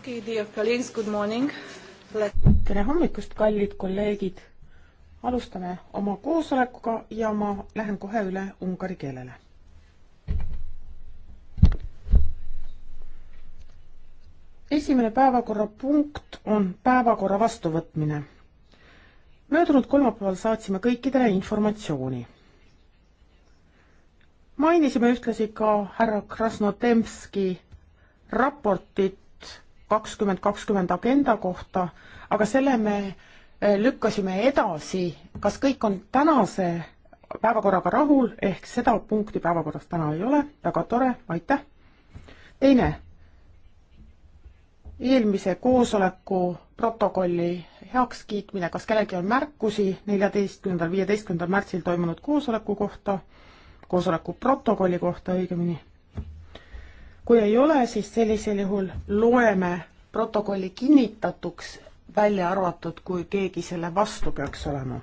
okay,. Dear colleagues, good morning Let.... tere hommikust, kallid kolleegid. alustame oma koosolekuga ja ma lähen kohe üle ungari keelele. esimene päevakorrapunkt on päevakorra vastuvõtmine. möödunud kolmapäeval saatsime kõikidele informatsiooni mainisime ühtlasi ka härra Krasnodemski raportit kakskümmend kakskümmend agenda kohta, aga selle me eh, lükkasime edasi, kas kõik on tänase päevakorraga rahul, ehk seda punkti päevakorras täna ei ole, väga tore, aitäh. teine, eelmise koosoleku protokolli heakskiitmine, kas kellelgi on märkusi neljateistkümnendal, viieteistkümnendal märtsil toimunud koosoleku kohta, koosoleku protokolli kohta õigemini kui ei ole, siis sellisel juhul loeme protokolli kinnitatuks, välja arvatud, kui keegi selle vastu peaks olema.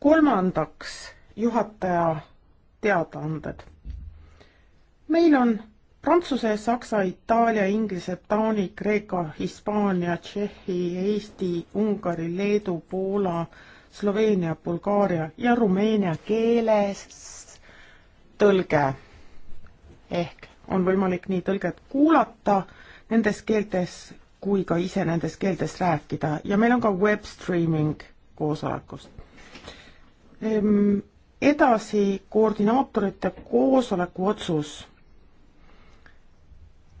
kolmandaks, juhataja teadaanded. meil on Prantsuse, Saksa, Itaalia, Inglise, Taani, Kreeka, Hispaania, Tšehhi, Eesti, Ungari, Leedu, Poola, Sloveenia, Bulgaaria ja Rumeenia keeles tõlge ehk on võimalik nii tõlget kuulata nendes keeltes kui ka ise nendes keeltes rääkida ja meil on ka web streaming koosolekust. Ehm, edasi koordinaatorite koosoleku otsus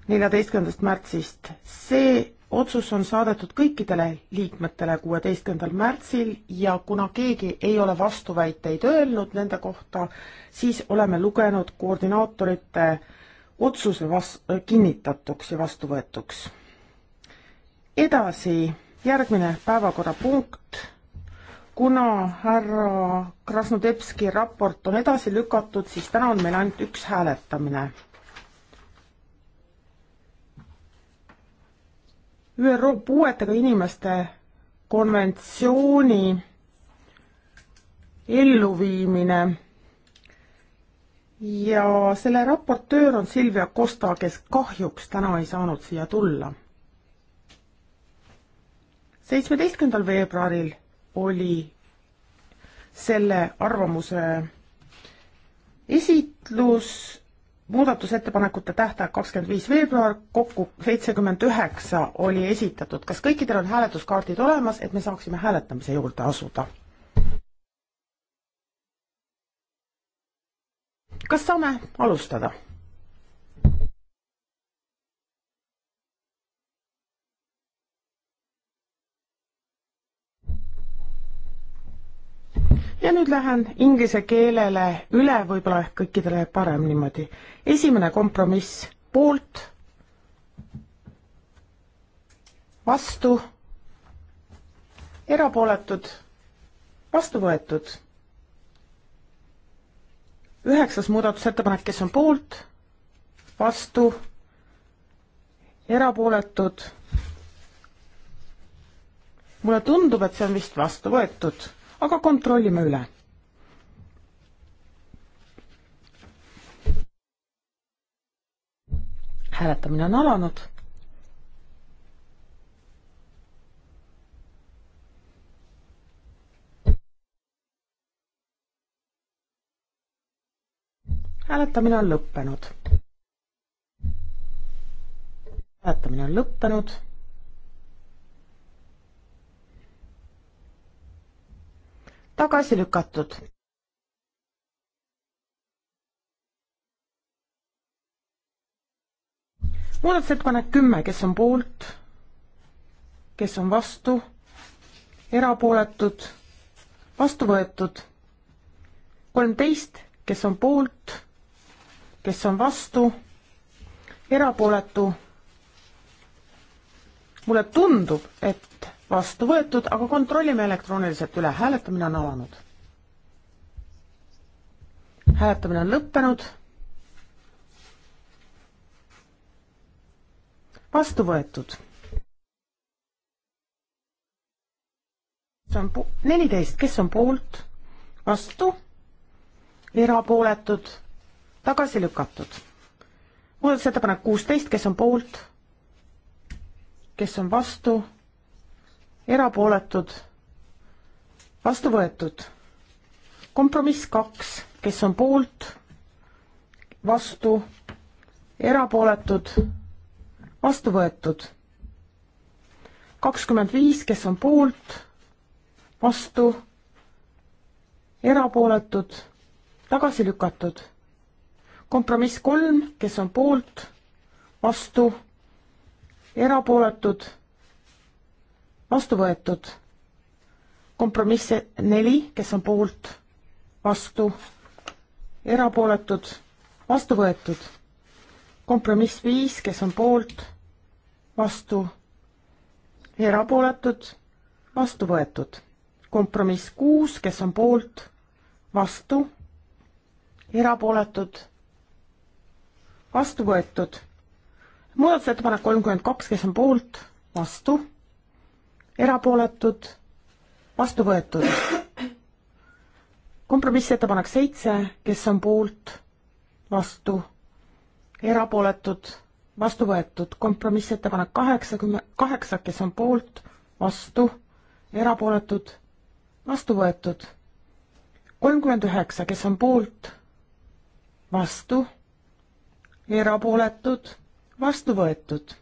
neljateistkümnendast märtsist, see otsus on saadetud kõikidele liikmetele kuueteistkümnendal märtsil ja kuna keegi ei ole vastuväiteid öelnud nende kohta, siis oleme lugenud koordinaatorite äh, otsuse vas-, kinnitatuks ja vastuvõetuks. edasi, järgmine päevakorrapunkt, kuna härra Krasnodebski raport on edasi lükatud, siis täna on meil ainult üks hääletamine. ÜRO puuetega inimeste konventsiooni elluviimine ja selle raportöör on Silvia Kosta, kes kahjuks täna ei saanud siia tulla. seitsmeteistkümnendal veebruaril oli selle arvamuse esitlus, muudatusettepanekute tähtaeg kakskümmend viis veebruar, kokku seitsekümmend üheksa oli esitatud. kas kõikidel on hääletuskaardid olemas, et me saaksime hääletamise juurde asuda? kas saame alustada? ja nüüd lähen inglise keelele üle, võib-olla ehk kõikidele parem niimoodi. esimene kompromiss poolt, vastu, erapooletud, vastu võetud üheksas muudatusettepanek, kes on poolt, vastu, erapooletud. mulle tundub, et see on vist vastu võetud, aga kontrollime üle. hääletamine on alanud hääletamine on lõppenud. hääletamine on lõppenud. tagasi lükatud. muudatusettepanek kümme, kes on poolt, kes on vastu, erapooletud, vastu võetud. kolmteist, kes on poolt kes on vastu, erapooletu. mulle tundub, et vastu võetud, aga kontrollime elektrooniliselt üle, hääletamine on alanud. hääletamine on lõppenud. vastu võetud. see on neliteist, kes on poolt, vastu, erapooletud tagasi lükatud. muudatusettepanek kuusteist, kes on poolt, kes on vastu, erapooletud, vastu võetud. kompromiss kaks, kes on poolt, vastu, erapooletud, vastu võetud. kakskümmend viis, kes on poolt, vastu, erapooletud, tagasi lükatud kompromiss kolm, kes on poolt, vastu, erapooletud, vastu võetud. kompromiss neli, kes on poolt, vastu, erapooletud, vastu võetud. kompromiss viis, kes on poolt, vastu, erapooletud, vastu võetud. kompromiss kuus, kes on poolt, vastu, erapooletud vastu võetud. muudatusettepanek kolmkümmend kaks, kes on poolt, vastu, erapooletud, vastu võetud. kompromissettepanek seitse, kes on poolt, vastu, erapooletud, vastu võetud. kompromissettepanek kaheksakümmend kaheksa, kes on poolt, vastu, erapooletud, vastu võetud. kolmkümmend üheksa, kes on poolt, vastu erapooletud, vastu võetud.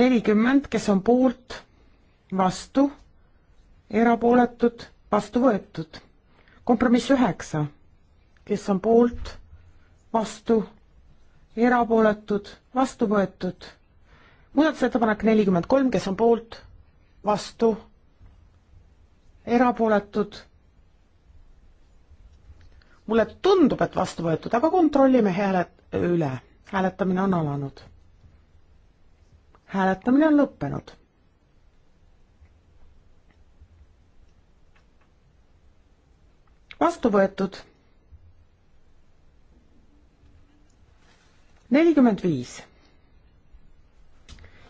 nelikümmend, kes on poolt, vastu, erapooletud, vastu võetud. kompromiss üheksa, kes on poolt, vastu, erapooletud, vastu võetud. muudatusettepanek nelikümmend kolm, kes on poolt, vastu, erapooletud mulle tundub, et vastu võetud, aga kontrollime häälet üle. hääletamine on alanud. hääletamine on lõppenud. vastu võetud. nelikümmend viis.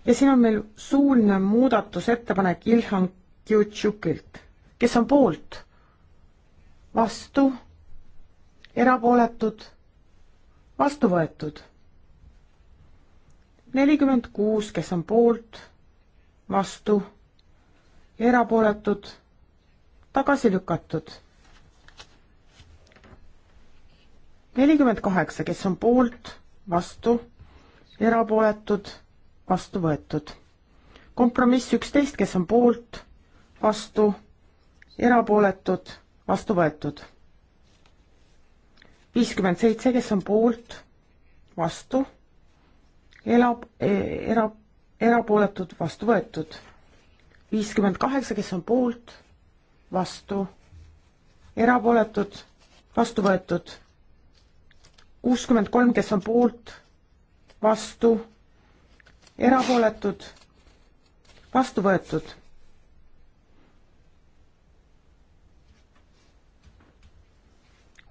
ja siin on meil suuline muudatusettepanek Ilhan Kjutšukilt, kes on poolt, vastu erapooletud, vastu võetud. nelikümmend kuus, kes on poolt, vastu, erapooletud, tagasi lükatud. nelikümmend kaheksa, kes on poolt, vastu, erapooletud, vastu võetud. kompromiss üksteist, kes on poolt, vastu, erapooletud, vastu võetud viiskümmend seitse, kes on poolt, vastu, elab, e, era, erapooletud, vastu võetud. viiskümmend kaheksa, kes on poolt, vastu, erapooletud, vastu võetud. kuuskümmend kolm, kes on poolt, vastu, erapooletud, vastu võetud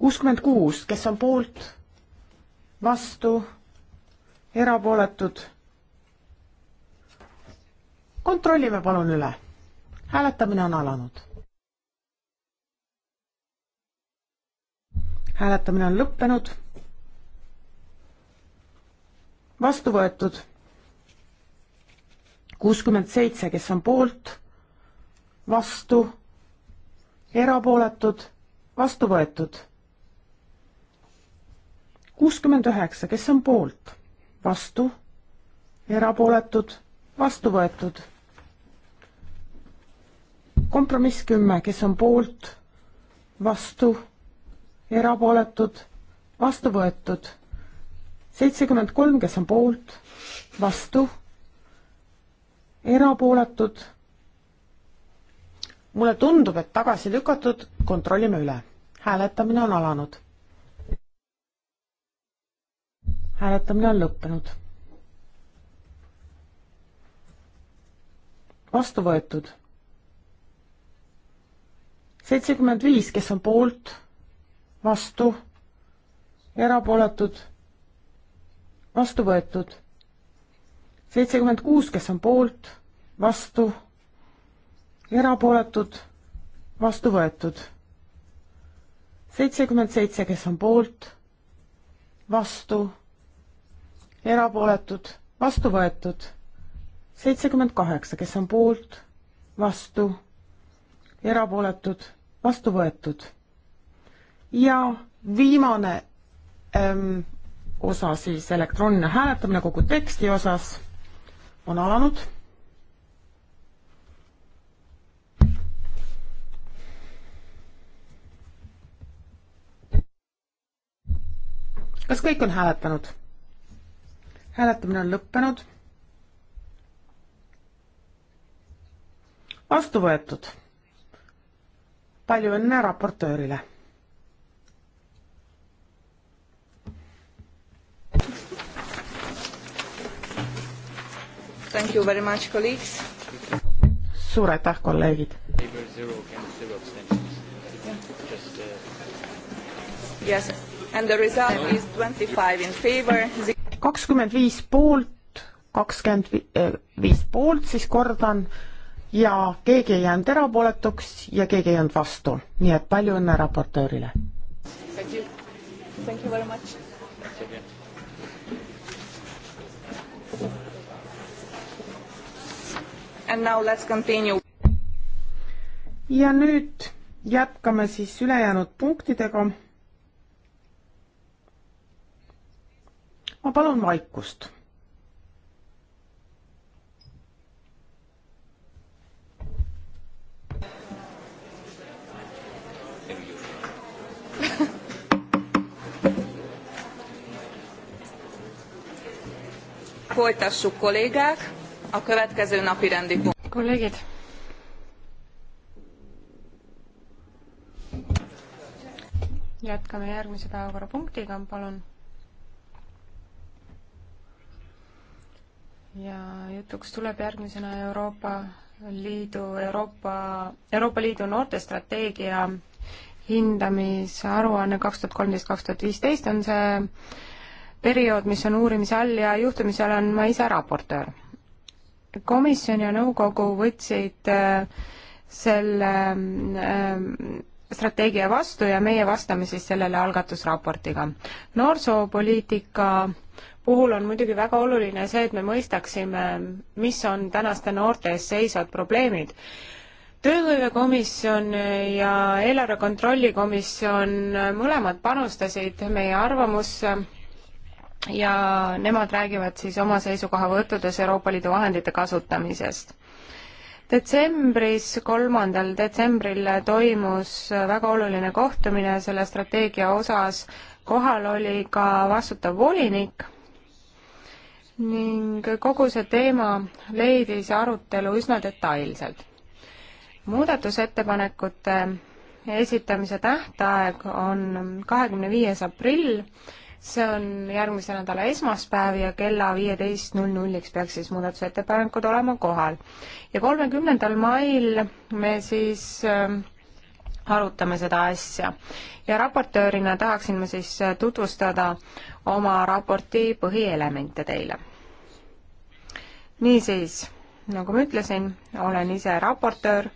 kuuskümmend kuus, kes on poolt, vastu, erapooletud. kontrollime palun üle. hääletamine on alanud. hääletamine on lõppenud. vastu võetud kuuskümmend seitse, kes on poolt, vastu, erapooletud, vastu võetud kuuskümmend üheksa, kes on poolt? vastu, erapooletud, vastu võetud. kompromiss kümme, kes on poolt, vastu, erapooletud, vastu võetud. seitsekümmend kolm, kes on poolt, vastu, erapooletud. mulle tundub, et tagasi lükatud, kontrollime üle. hääletamine on alanud hääletamine on lõppenud. vastu võetud. seitsekümmend viis, kes on poolt, vastu, erapooletud, vastu võetud. seitsekümmend kuus, kes on poolt, vastu, erapooletud, vastu võetud. seitsekümmend seitse, kes on poolt, vastu erapooletud, vastu võetud. seitsekümmend kaheksa, kes on poolt, vastu, erapooletud, vastu võetud. ja viimane ähm, osa siis elektrooniline hääletamine kogu teksti osas on alanud. kas kõik on hääletanud? hääletamine on lõppenud. vastu võetud. palju õnne raportöörile. Thank you very much, colleagues. suur aitäh, kolleegid. Uh, yes, and the result is twenty five in favor kakskümmend viis poolt, kakskümmend eh, viis poolt, siis kordan, ja keegi ei jäänud erapooletuks ja keegi ei jäänud vastu, nii et palju õnne raportöörile. Thank you, thank you very much. And now let's continue. ja nüüd jätkame siis ülejäänud punktidega ma palun vaikust. Folytassuk kollégák, a következő napi rendi pont. Kollégid, jätkame järgmise päevakorrapunktiga, palun ja jutuks tuleb järgmisena Euroopa Liidu, Euroopa, Euroopa Liidu noortestrateegia hindamisaruanne kaks tuhat kolmteist, kaks tuhat viisteist on see periood, mis on uurimise all ja juhtumisi olen ma ise raportöör. komisjon ja nõukogu võtsid äh, selle äh, strateegia vastu ja meie vastame siis sellele algatusraportiga. noorsoopoliitika puhul on muidugi väga oluline see, et me mõistaksime, mis on tänaste noorte ees seisvad probleemid. tööhõivekomisjon ja eelarve kontrolli komisjon mõlemad panustasid meie arvamusse ja nemad räägivad siis oma seisukohavõttudes Euroopa Liidu vahendite kasutamisest detsembris, kolmandal detsembril toimus väga oluline kohtumine selle strateegia osas, kohal oli ka vastutav volinik ning kogu see teema leidis arutelu üsna detailselt. muudatusettepanekute esitamise tähtaeg on kahekümne viies aprill, see on järgmise nädala esmaspäev ja kella viieteist null nulliks peaks siis muudatusettepanekud olema kohal. ja kolmekümnendal mail me siis ähm, arutame seda asja. ja raportöörina tahaksin ma siis äh, tutvustada oma raporti põhielemente teile niisiis, nagu ma ütlesin, olen ise raportöör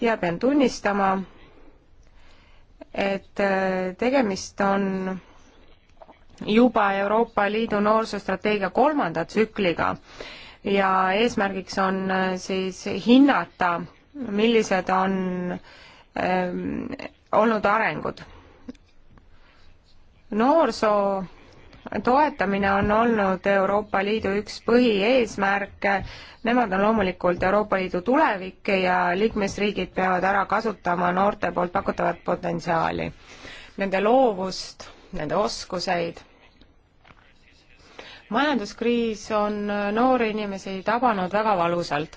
ja pean tunnistama, et äh, tegemist on juba Euroopa Liidu noorsoostrateegia kolmanda tsükliga ja eesmärgiks on äh, siis hinnata, millised on ähm, olnud arengud. noorsoo toetamine on olnud Euroopa Liidu üks põhieesmärke, nemad on loomulikult Euroopa Liidu tulevik ja liikmesriigid peavad ära kasutama noorte poolt pakutavat potentsiaali, nende loovust, nende oskuseid. majanduskriis on noori inimesi tabanud väga valusalt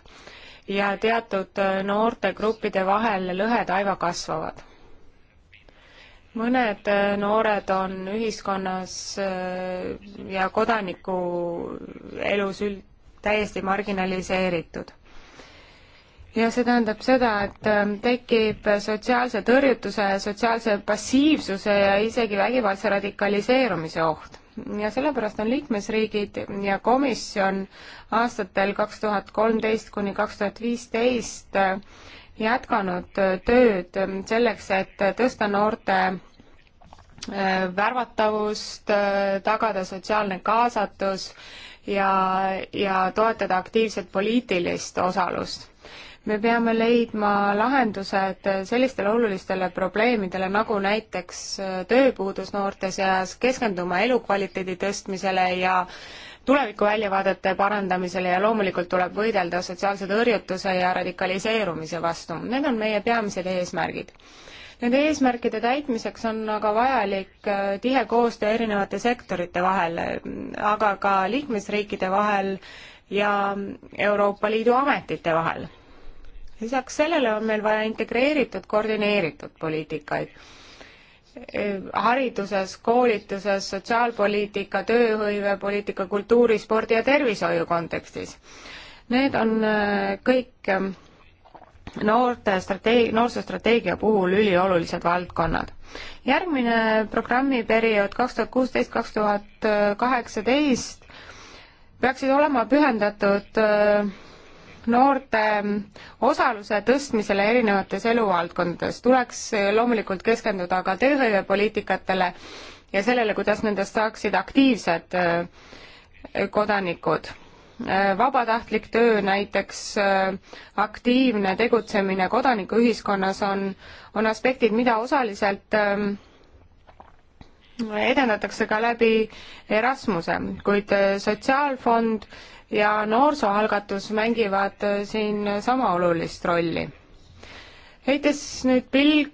ja teatud noortegruppide vahel lõhed aiva kasvavad mõned äh, noored on ühiskonnas äh, ja kodanikuelus üld-, täiesti marginaliseeritud. ja see tähendab seda, et ähm, tekib sotsiaalse tõrjutuse, sotsiaalse passiivsuse ja isegi vägivaldse radikaliseerumise oht ja sellepärast on liikmesriigid ja komisjon aastatel kaks tuhat kolmteist kuni kaks tuhat viisteist äh, jätkanud tööd selleks, et tõsta noorte äh, värvatavust, äh, tagada sotsiaalne kaasatus ja, ja toetada aktiivset poliitilist osalust. me peame leidma lahendused sellistele olulistele probleemidele, nagu näiteks äh, tööpuudus noorte seas, keskenduma elukvaliteedi tõstmisele ja tulevikuväljavaadete parandamisele ja loomulikult tuleb võidelda sotsiaalse tõrjutuse ja radikaliseerumise vastu. Need on meie peamised eesmärgid. Nende eesmärkide täitmiseks on aga vajalik äh, tihe koostöö erinevate sektorite vahel, aga ka liikmesriikide vahel ja Euroopa Liidu ametite vahel. lisaks sellele on meil vaja integreeritud, koordineeritud poliitikaid hariduses, koolituses, sotsiaalpoliitika, tööhõivepoliitika, kultuuri, spordi ja tervishoiu kontekstis. Need on äh, kõik ähm, noorte strateeg-, noorsoostrateegia puhul üliolulised valdkonnad. järgmine programmiperiood kaks tuhat kuusteist, kaks tuhat kaheksateist peaksid olema pühendatud äh, noorte osaluse tõstmisele erinevates eluvaldkondades. tuleks loomulikult keskenduda ka tööhõivepoliitikatele ja sellele, kuidas nendest saaksid aktiivsed äh, kodanikud. Äh, vabatahtlik töö näiteks, äh, aktiivne tegutsemine kodanikuühiskonnas on, on aspektid, mida osaliselt ähm, edendatakse ka läbi Erasmuse, kuid äh, Sotsiaalfond ja Noorsooalgatus mängivad äh, siin sama olulist rolli. heites nüüd pilk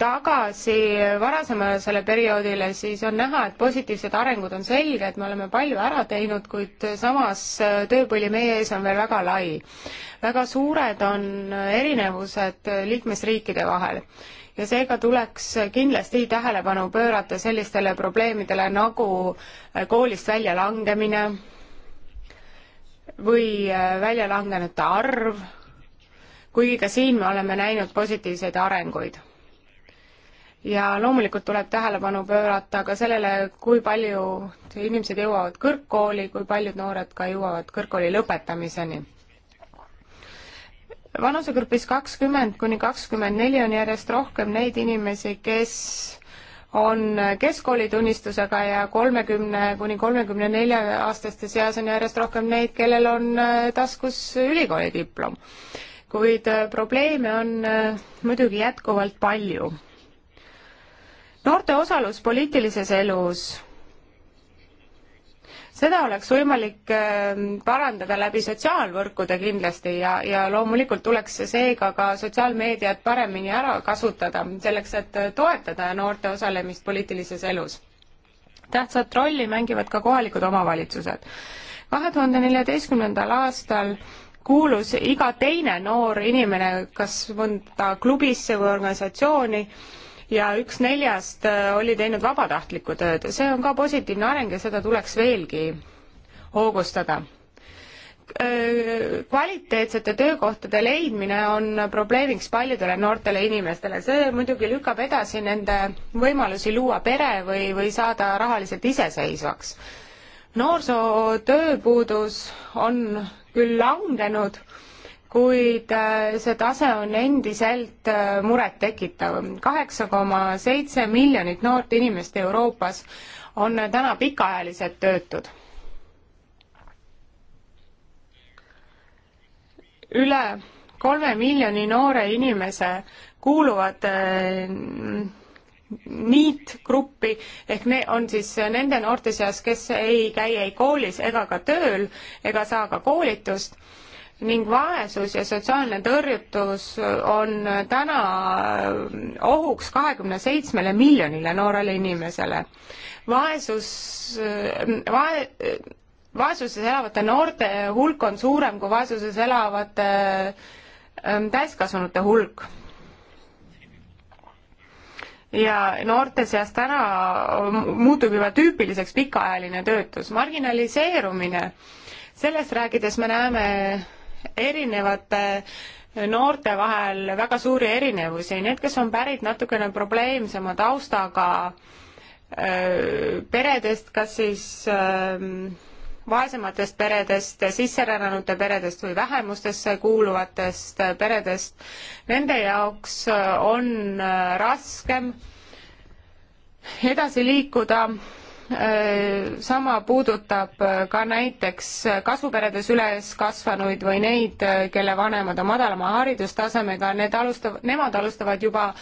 tagasi varasemale perioodile, siis on näha, et positiivsed arengud on selged, me oleme palju ära teinud, kuid äh, samas tööpõli meie ees on veel väga lai. väga suured on erinevused liikmesriikide vahel ja seega tuleks kindlasti tähelepanu pöörata sellistele probleemidele nagu äh, koolist väljalangemine või äh, väljalangenute arv, kuigi ka siin me oleme näinud positiivseid arenguid ja loomulikult tuleb tähelepanu pöörata ka sellele, kui palju inimesed jõuavad kõrgkooli, kui paljud noored ka jõuavad kõrgkooli lõpetamiseni vanusegrupis kakskümmend kuni kakskümmend neli on järjest rohkem neid inimesi, kes on keskkoolitunnistusega ja kolmekümne kuni kolmekümne nelja aastaste seas on järjest rohkem neid, kellel on äh, taskus ülikoolidiplom. kuid äh, probleeme on äh, muidugi jätkuvalt palju. noorte osalus poliitilises elus seda oleks võimalik ähm, parandada läbi sotsiaalvõrkude kindlasti ja, ja loomulikult tuleks seega ka sotsiaalmeediat paremini ära kasutada, selleks et toetada noorte osalemist poliitilises elus. tähtsat rolli mängivad ka kohalikud omavalitsused. kahe tuhande neljateistkümnendal aastal kuulus iga teine noor inimene kas mõnda klubisse või organisatsiooni, ja üks neljast äh, oli teinud vabatahtlikku tööd. see on ka positiivne areng ja seda tuleks veelgi hoogustada. Äh, kvaliteetsete töökohtade leidmine on probleemiks paljudele noortele inimestele, see muidugi lükkab edasi nende võimalusi luua pere või, või saada rahaliselt iseseisvaks. noorsootööpuudus on küll langenud, kuid äh, see tase on endiselt äh, murettekitav. kaheksa koma seitse miljonit noort inimest Euroopas on äh, täna pikaajalised töötud üle kolme miljoni noore inimese kuuluvad niitgruppi ehk ne- on siis nende noorte seas, kes ei käi ei koolis ega ka tööl ega saa ka koolitust ning vaesus ja sotsiaalne tõrjutus on täna ohuks kahekümne seitsmele miljonile noorele inimesele. vaesus, vae-, vaesuses elavate noorte hulk on suurem kui vaesuses elavate ähm, täiskasvanute hulk. ja noorte seas täna muutub juba tüüpiliseks pikaajaline töötus, marginaliseerumine, sellest rääkides me näeme erinevate noorte vahel väga suuri erinevusi, need, kes on pärit natukene probleemsema taustaga peredest, kas siis vaesematest peredest, sisserännanute peredest või vähemustesse kuuluvatest peredest, nende jaoks on raskem edasi liikuda sama puudutab ka näiteks kasvuperedes üles kasvanuid või neid, kelle vanemad on madalama haridustasemega, need alustavad, nemad alustavad juba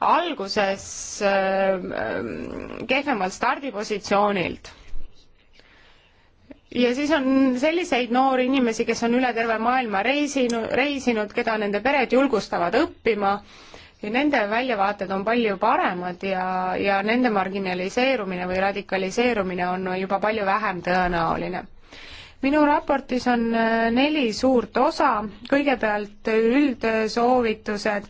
alguses ähm, kehvemalt stardipositsioonilt. ja siis on selliseid noori inimesi, kes on üle terve maailma reisinud, reisinud, keda nende pered julgustavad õppima ja nende väljavaated on palju paremad ja, ja nende marginaliseerumine või radikaliseerumine on juba palju vähem tõenäoline. minu raportis on äh, neli suurt osa, kõigepealt üldsoovitused,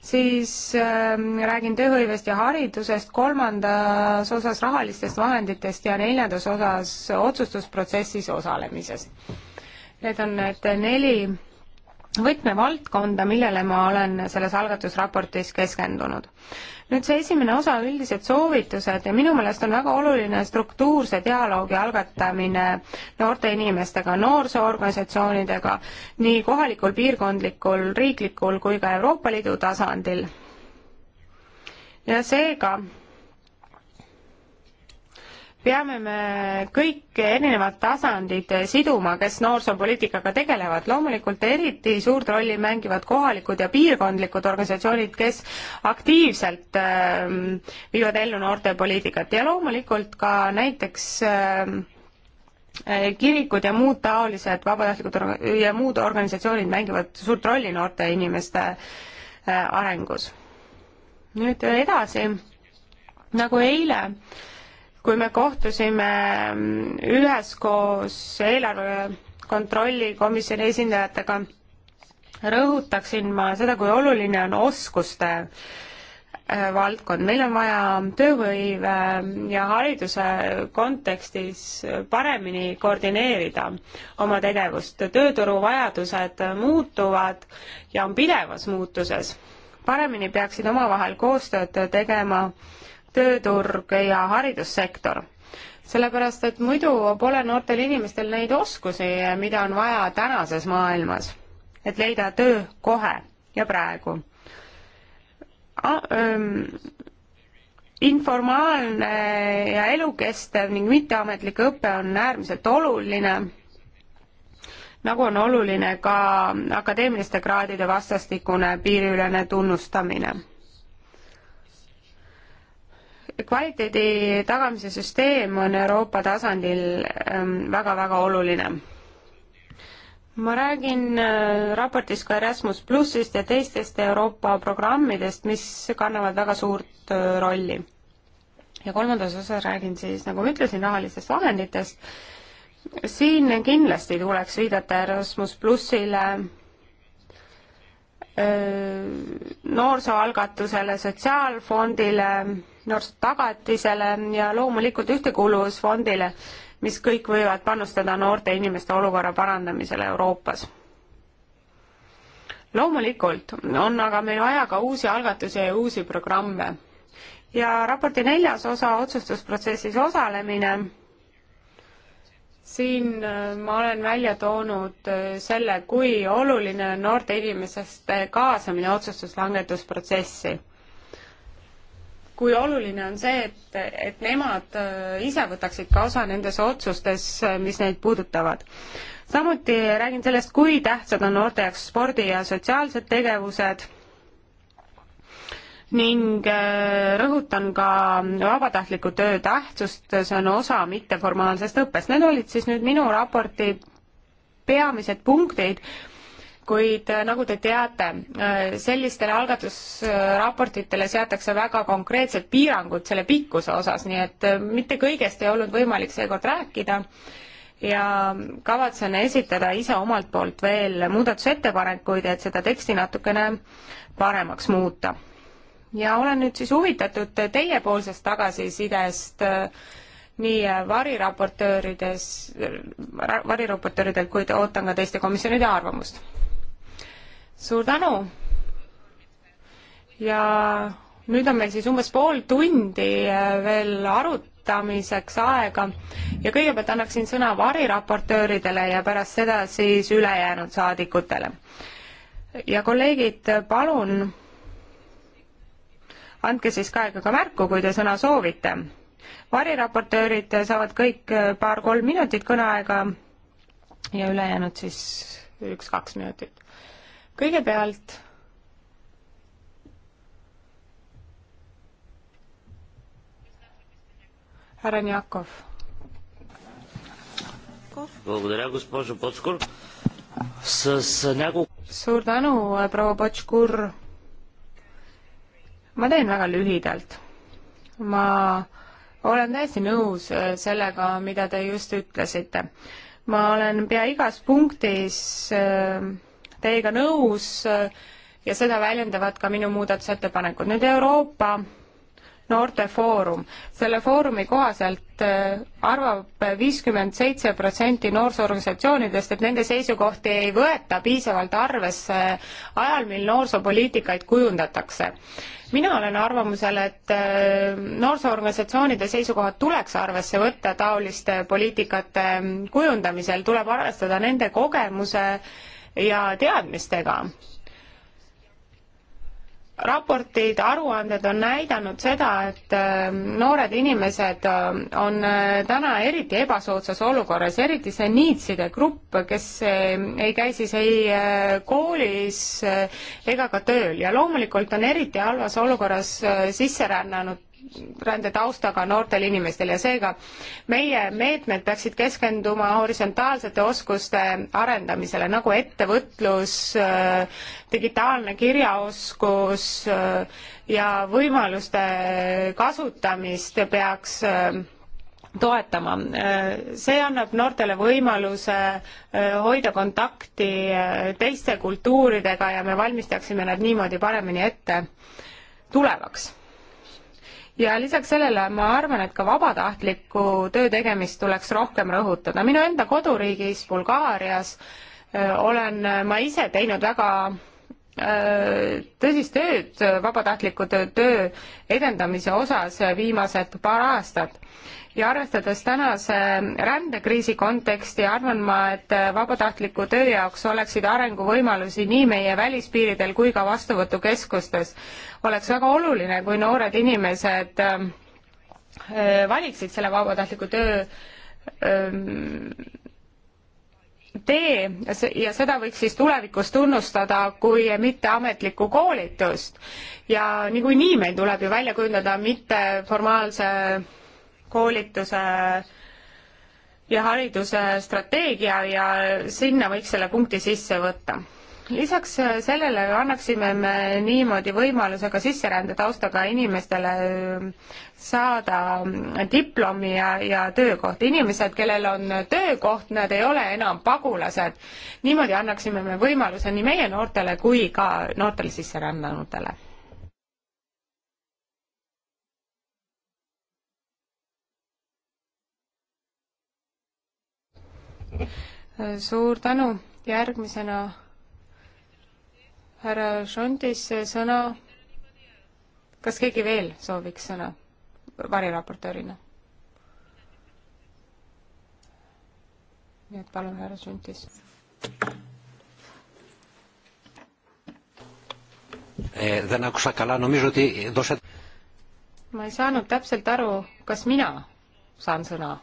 siis äh, räägin tööhõivest ja haridusest, kolmandas osas rahalistest vahenditest ja neljandas osas otsustusprotsessis osalemisest. Need on need neli võtmevaldkonda, millele ma olen selles algatusraportis keskendunud. nüüd see esimene osa, üldised soovitused ja minu meelest on väga oluline struktuurse dialoogi algatamine noorte inimestega, noorsoorganisatsioonidega, nii kohalikul, piirkondlikul, riiklikul kui ka Euroopa Liidu tasandil. ja seega peame me kõik erinevad tasandid siduma, kes noorsoopoliitikaga tegelevad. loomulikult eriti suurt rolli mängivad kohalikud ja piirkondlikud organisatsioonid, kes aktiivselt äh, viivad ellu noortepoliitikat ja loomulikult ka näiteks ähm, äh, kirikud ja muud taolised vabatahtlikud ja muud organisatsioonid mängivad suurt rolli noorte inimeste äh, arengus. nüüd edasi, nagu eile äh, kui me kohtusime üheskoos eelarve kontrolli komisjoni esindajatega, rõhutaksin ma seda, kui oluline on oskuste äh, valdkond, meil on vaja tööhõive äh, ja hariduse kontekstis paremini koordineerida oma tegevust. tööturu vajadused muutuvad ja on pidevas muutuses. paremini peaksid omavahel koostööd tegema äh, tööturg ja haridussektor. sellepärast, et muidu pole noortel inimestel neid oskusi, mida on vaja tänases maailmas, et leida töö kohe ja praegu A. Ähm, informaalne ja elukestev ning mitteametlik õpe on äärmiselt oluline nagu on oluline ka akadeemiliste kraadide vastastikune piiriülene tunnustamine kvaliteedi tagamise süsteem on Euroopa tasandil ähm, väga-väga oluline. ma räägin äh, raportis ka Erasmus plussist ja teistest Euroopa programmidest, mis kannavad väga suurt äh, rolli. ja kolmandas osas räägin siis, nagu ma ütlesin, rahalistest vahenditest. siin kindlasti tuleks viidata Erasmus plussile äh, noorsooalgatusele, sotsiaalfondile noorsootagatisele ja loomulikult Ühtekuuluvusfondile, mis kõik võivad panustada noorte inimeste olukorra parandamisele Euroopas. loomulikult on aga meil vaja ka uusi algatusi ja uusi programme. ja raporti neljas osa, otsustusprotsessis osalemine, siin äh, ma olen välja toonud äh, selle, kui oluline on noorte inimeste kaasamine otsustuslangetusprotsessi kui oluline on see, et, et nemad äh, ise võtaksid ka osa nendes otsustes, äh, mis neid puudutavad. samuti räägin sellest, kui tähtsad on noorte jaoks spordi ja sotsiaalsed tegevused ning äh, rõhutan ka vabatahtliku töö tähtsust, see on osa mitteformaalsest õppest. Need olid siis nüüd minu raporti peamised punktid kuid äh, nagu te teate, äh, sellistele algatusraportitele seatakse väga konkreetsed piirangud selle pikkuse osas, nii et äh, mitte kõigest ei olnud võimalik seekord rääkida ja kavatsen esitada ise omalt poolt veel muudatusettepanekuid, et seda teksti natukene paremaks muuta. ja olen nüüd siis huvitatud teiepoolsest tagasisidest nii variraportöörides, variraportööridelt, kuid ootan ka teiste komisjonide arvamust suur tänu! ja nüüd on meil siis umbes pool tundi äh, veel arutamiseks aega ja kõigepealt annaksin sõna variraportööridele ja pärast seda siis ülejäänud saadikutele. ja kolleegid, palun andke siis käega ka märku, kui te sõna soovite. variraportöörid saavad kõik äh, paar-kolm minutit kõneaega ja ülejäänud siis üks-kaks minutit kõigepealt härra Njakov. suur tänu, proua Potškur. ma teen väga lühidalt. ma olen täiesti nõus äh, sellega, mida te just ütlesite. ma olen pea igas punktis äh, teiega nõus ja seda väljendavad ka minu muudatusettepanekud. nüüd Euroopa noortefoorum. selle foorumi kohaselt äh, arvab viiskümmend seitse protsenti noorsoorganisatsioonidest, et nende seisukohti ei võeta piisavalt arvesse ajal, mil noorsoopoliitikaid kujundatakse. mina olen arvamusel, et äh, noorsoorganisatsioonide seisukohad tuleks arvesse võtta taoliste poliitikate kujundamisel, tuleb arvestada nende kogemuse ja teadmistega raportid, aruanded on näidanud seda, et ähm, noored inimesed ähm, on äh, täna eriti ebasoodsas olukorras, eriti see niitside grupp, kes ähm, ei käi siis ei äh, koolis äh, ega ka tööl ja loomulikult on eriti halvas olukorras sisse rännanud rändetaustaga noortel inimestel ja seega meie meetmed peaksid keskenduma horisontaalsete oskuste arendamisele nagu ettevõtlus, digitaalne kirjaoskus ja võimaluste kasutamist peaks äh, toetama. Äh, see annab noortele võimaluse äh, hoida kontakti teiste kultuuridega ja me valmistaksime nad niimoodi paremini ette tulevaks ja lisaks sellele ma arvan, et ka vabatahtliku töö tegemist tuleks rohkem rõhutada. minu enda koduriigis Bulgaarias olen ma ise teinud väga Äh, tõsist tööd äh, vabatahtliku töö edendamise osas äh, viimased paar aastat ja arvestades tänase rändekriisi konteksti, arvan ma, et vabatahtliku töö jaoks oleksid arenguvõimalusi nii meie välispiiridel kui ka vastuvõtukeskustes. oleks väga oluline, kui noored inimesed valiksid selle vabatahtliku töö ähm, tee ja seda võiks siis tulevikus tunnustada kui mitteametlikku koolitust. ja niikuinii meil tuleb ju välja kujundada mitteformaalse koolituse ja hariduse strateegia ja sinna võiks selle punkti sisse võtta lisaks äh, sellele annaksime me niimoodi võimaluse ka sisserände taustaga inimestele äh, saada mm, diplomi ja, ja töökoht. inimesed, kellel on töökoht, nad ei ole enam pagulased. niimoodi annaksime me võimaluse nii meie noortele kui ka noortele sisserännanutele suur tänu, järgmisena härra Šontis sõna. kas keegi veel sooviks sõna variraportöörina? nii et palun, härra Šontis. Eh, ma ei saanud täpselt aru, kas mina saan sõna,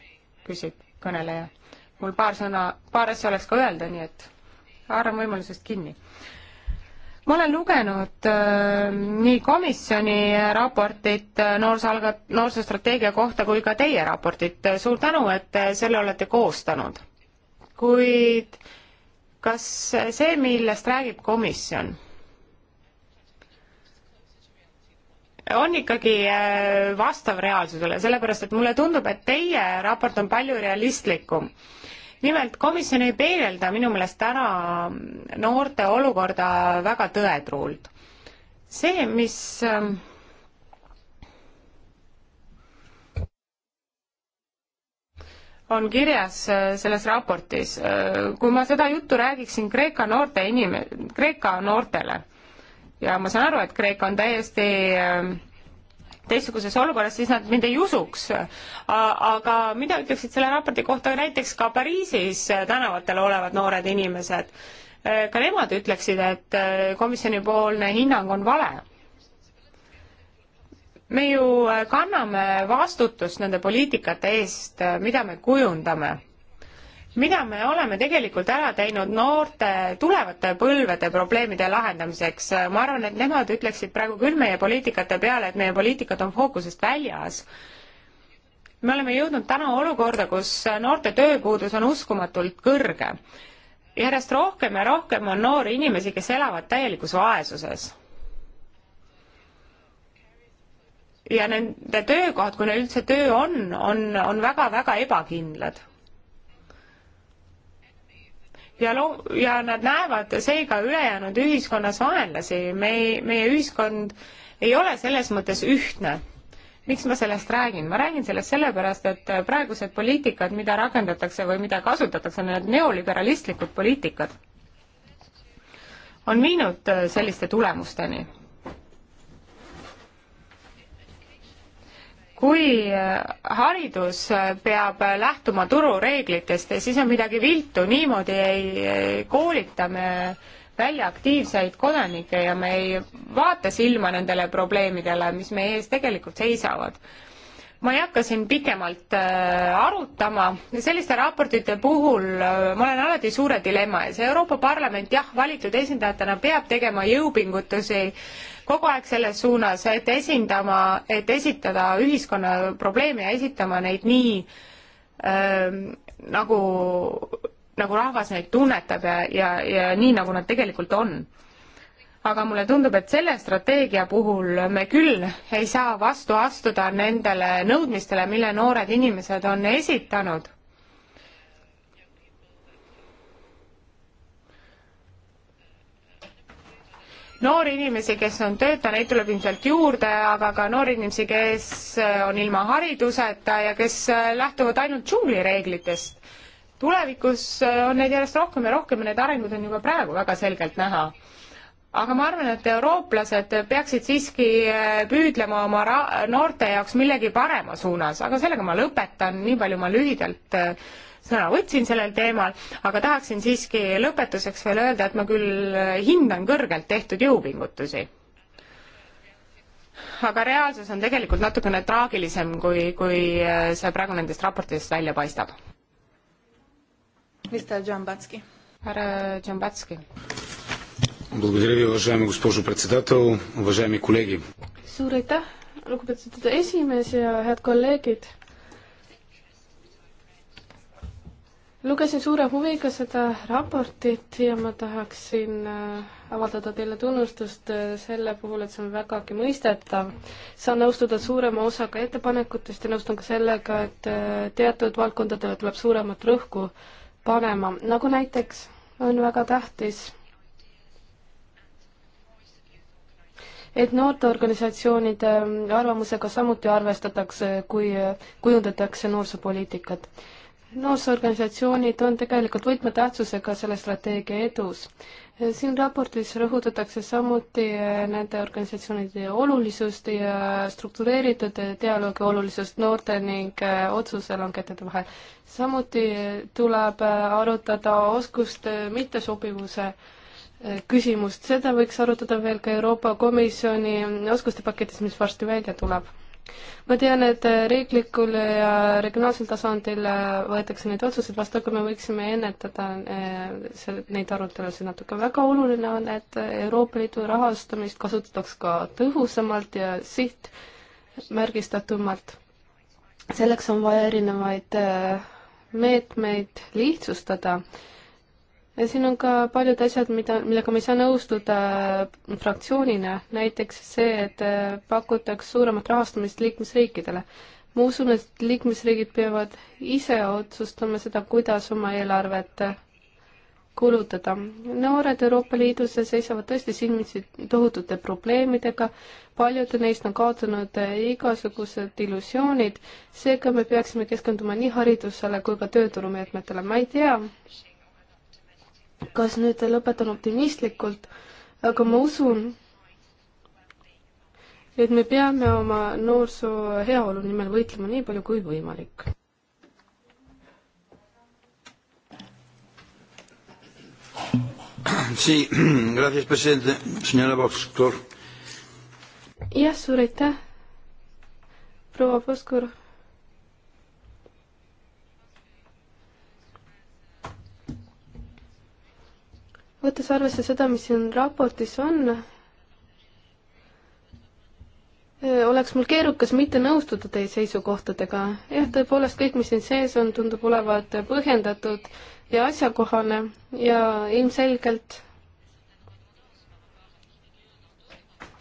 küsib kõneleja. mul paar sõna, paar asja oleks ka öelda, nii et haaran võimalusest kinni ma olen lugenud äh, nii komisjoni raportit äh, noorsoalgat-, noorsoostrateegia kohta kui ka teie raportit, suur tänu, et äh, selle olete koostanud. kuid kas see, millest räägib komisjon, on ikkagi äh, vastav reaalsusele, sellepärast et mulle tundub, et teie raport on palju realistlikum nimelt komisjon ei peegelda minu meelest ära noorte olukorda väga tõetruult. see, mis ähm, on kirjas äh, selles raportis, äh, kui ma seda juttu räägiksin Kreeka noorte inim-, Kreeka noortele ja ma saan aru, et Kreeka on täiesti äh, teistsuguses olukorras, siis nad mind ei usuks. aga mida ütleksid selle raporti kohta näiteks ka Pariisis tänavatel olevad noored inimesed? ka nemad ütleksid, et eh, komisjonipoolne hinnang on vale. me ju eh, kanname vastutust nende poliitikate eest, eh, mida me kujundame mida me oleme tegelikult ära teinud noorte tulevate põlvede probleemide lahendamiseks? ma arvan, et nemad ütleksid praegu küll meie poliitikate peale, et meie poliitikad on fookusest väljas. me oleme jõudnud täna olukorda, kus noorte tööpuudus on uskumatult kõrge. järjest rohkem ja rohkem on noori inimesi, kes elavad täielikus vaesuses ja nende töökohad, kui neil üldse töö on, on, on väga-väga ebakindlad ja loo-, ja nad näevad seega ülejäänud ühiskonnas vaenlasi, me ei, meie ühiskond ei ole selles mõttes ühtne. miks ma sellest räägin? ma räägin sellest sellepärast, et praegused poliitikad, mida rakendatakse või mida kasutatakse, need neoliberalistlikud poliitikad, on viinud selliste tulemusteni kui äh, haridus äh, peab äh, lähtuma turureeglitest, siis on midagi viltu, niimoodi ei koolita me välja aktiivseid kodanikke ja me ei vaata silma nendele probleemidele, mis meie ees tegelikult seisavad. ma ei hakka siin pikemalt arutama, selliste raportite puhul ma olen alati suure dilemma ees, Euroopa Parlament jah, valitud esindajatena peab tegema jõupingutusi äh, kogu aeg selles suunas, et esindama, et esitada ühiskonna probleeme ja esitama neid nii äh, nagu, nagu rahvas neid tunnetab ja, ja, ja nii, nagu nad tegelikult on aga mulle tundub, et selle strateegia puhul me küll ei saa vastu astuda nendele nõudmistele, mille noored inimesed on esitanud noori inimesi, kes on tööta, neid tuleb ilmselt juurde, aga ka noori inimesi, kes äh, on ilma hariduseta ja kes äh, lähtuvad ainult džunglireeglitest. tulevikus äh, on neid järjest rohkem ja rohkem ja need arengud on juba praegu väga selgelt näha aga ma arvan, et eurooplased peaksid siiski püüdlema oma ra-, noorte jaoks millegi parema suunas, aga sellega ma lõpetan, nii palju ma lühidalt äh, sõna võtsin sellel teemal, aga tahaksin siiski lõpetuseks veel öelda, et ma küll hindan kõrgelt tehtud jõupingutusi. aga reaalsus on tegelikult natukene traagilisem, kui, kui see praegu nendest raportitest välja paistab. härra Džambatski. suur aitäh, lugupeetud esimees ja head kolleegid lugesin suure huviga seda raportit ja ma tahaksin äh, avaldada teile tunnustust äh, selle puhul, et see on vägagi mõistetav. saan nõustuda suurema osaga ettepanekutest ja nõustun ka sellega, et äh, teatud valdkondadele tuleb suuremat rõhku panema, nagu näiteks on väga tähtis, et noorteorganisatsioonide arvamusega samuti arvestatakse, kui kujundatakse noorsoopoliitikat noorsoorganisatsioonid on tegelikult võtmetähtsusega selle strateegia edus. siin raportis rõhutatakse samuti eh, nende organisatsioonide olulisust ja struktureeritud dialoogi olulisust noorte ning eh, otsuse langetajate vahel. samuti eh, tuleb arutada oskuste mittesobivuse küsimust, seda võiks arutada veel ka Euroopa Komisjoni oskuste paketis, mis varsti välja tuleb ma tean, et äh, riiklikul ja regionaalsel tasandil äh, võetakse neid otsuseid vastu, aga me võiksime ennetada äh, neid arutelusid natuke. väga oluline on, et Euroopa Liidu rahastamist kasutataks ka tõhusamalt ja sihtmärgistatumalt. selleks on vaja erinevaid meetmeid lihtsustada ja siin on ka paljud asjad, mida, millega me ei saa nõustuda äh, fraktsioonina, näiteks see, et äh, pakutakse suuremat rahastamist liikmesriikidele. ma usun, et liikmesriigid peavad ise otsustama seda, kuidas oma eelarvet äh, kulutada. noored Euroopa Liidus seisavad tõesti silmitsi tohutute probleemidega, paljud neist on kaotanud igasugused illusioonid, seega me peaksime keskenduma nii haridusele kui ka tööturumeetmetele, ma ei tea, kas nüüd lõpetan optimistlikult, aga ma usun, et me peame oma noorsoo heaolu nimel võitlema nii palju kui võimalik. Sí, gracias, presidente. Señora Boxcor. Jah, suur aitäh, proua Boxcor võttes arvesse seda, mis siin raportis on, eh, oleks mul keerukas mitte nõustuda teie seisukohtadega. jah, tõepoolest kõik, mis siin sees on, tundub olevat põhjendatud ja asjakohane ja ilmselgelt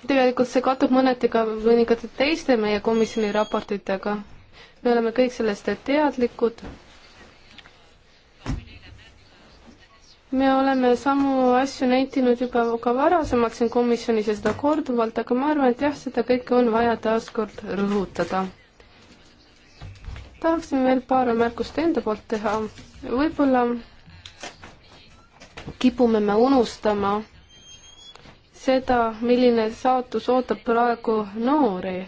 tegelikult see kattub mõneti ka mõningate teiste meie komisjoni raportitega. me oleme kõik sellest teadlikud me oleme samu asju nentinud juba ka varasemalt siin komisjonis ja seda korduvalt, aga ma arvan, et jah, seda kõike on vaja taaskord rõhutada. tahaksin veel paar märkust enda poolt teha. võib-olla kipume me unustama seda, milline saatus ootab praegu noori.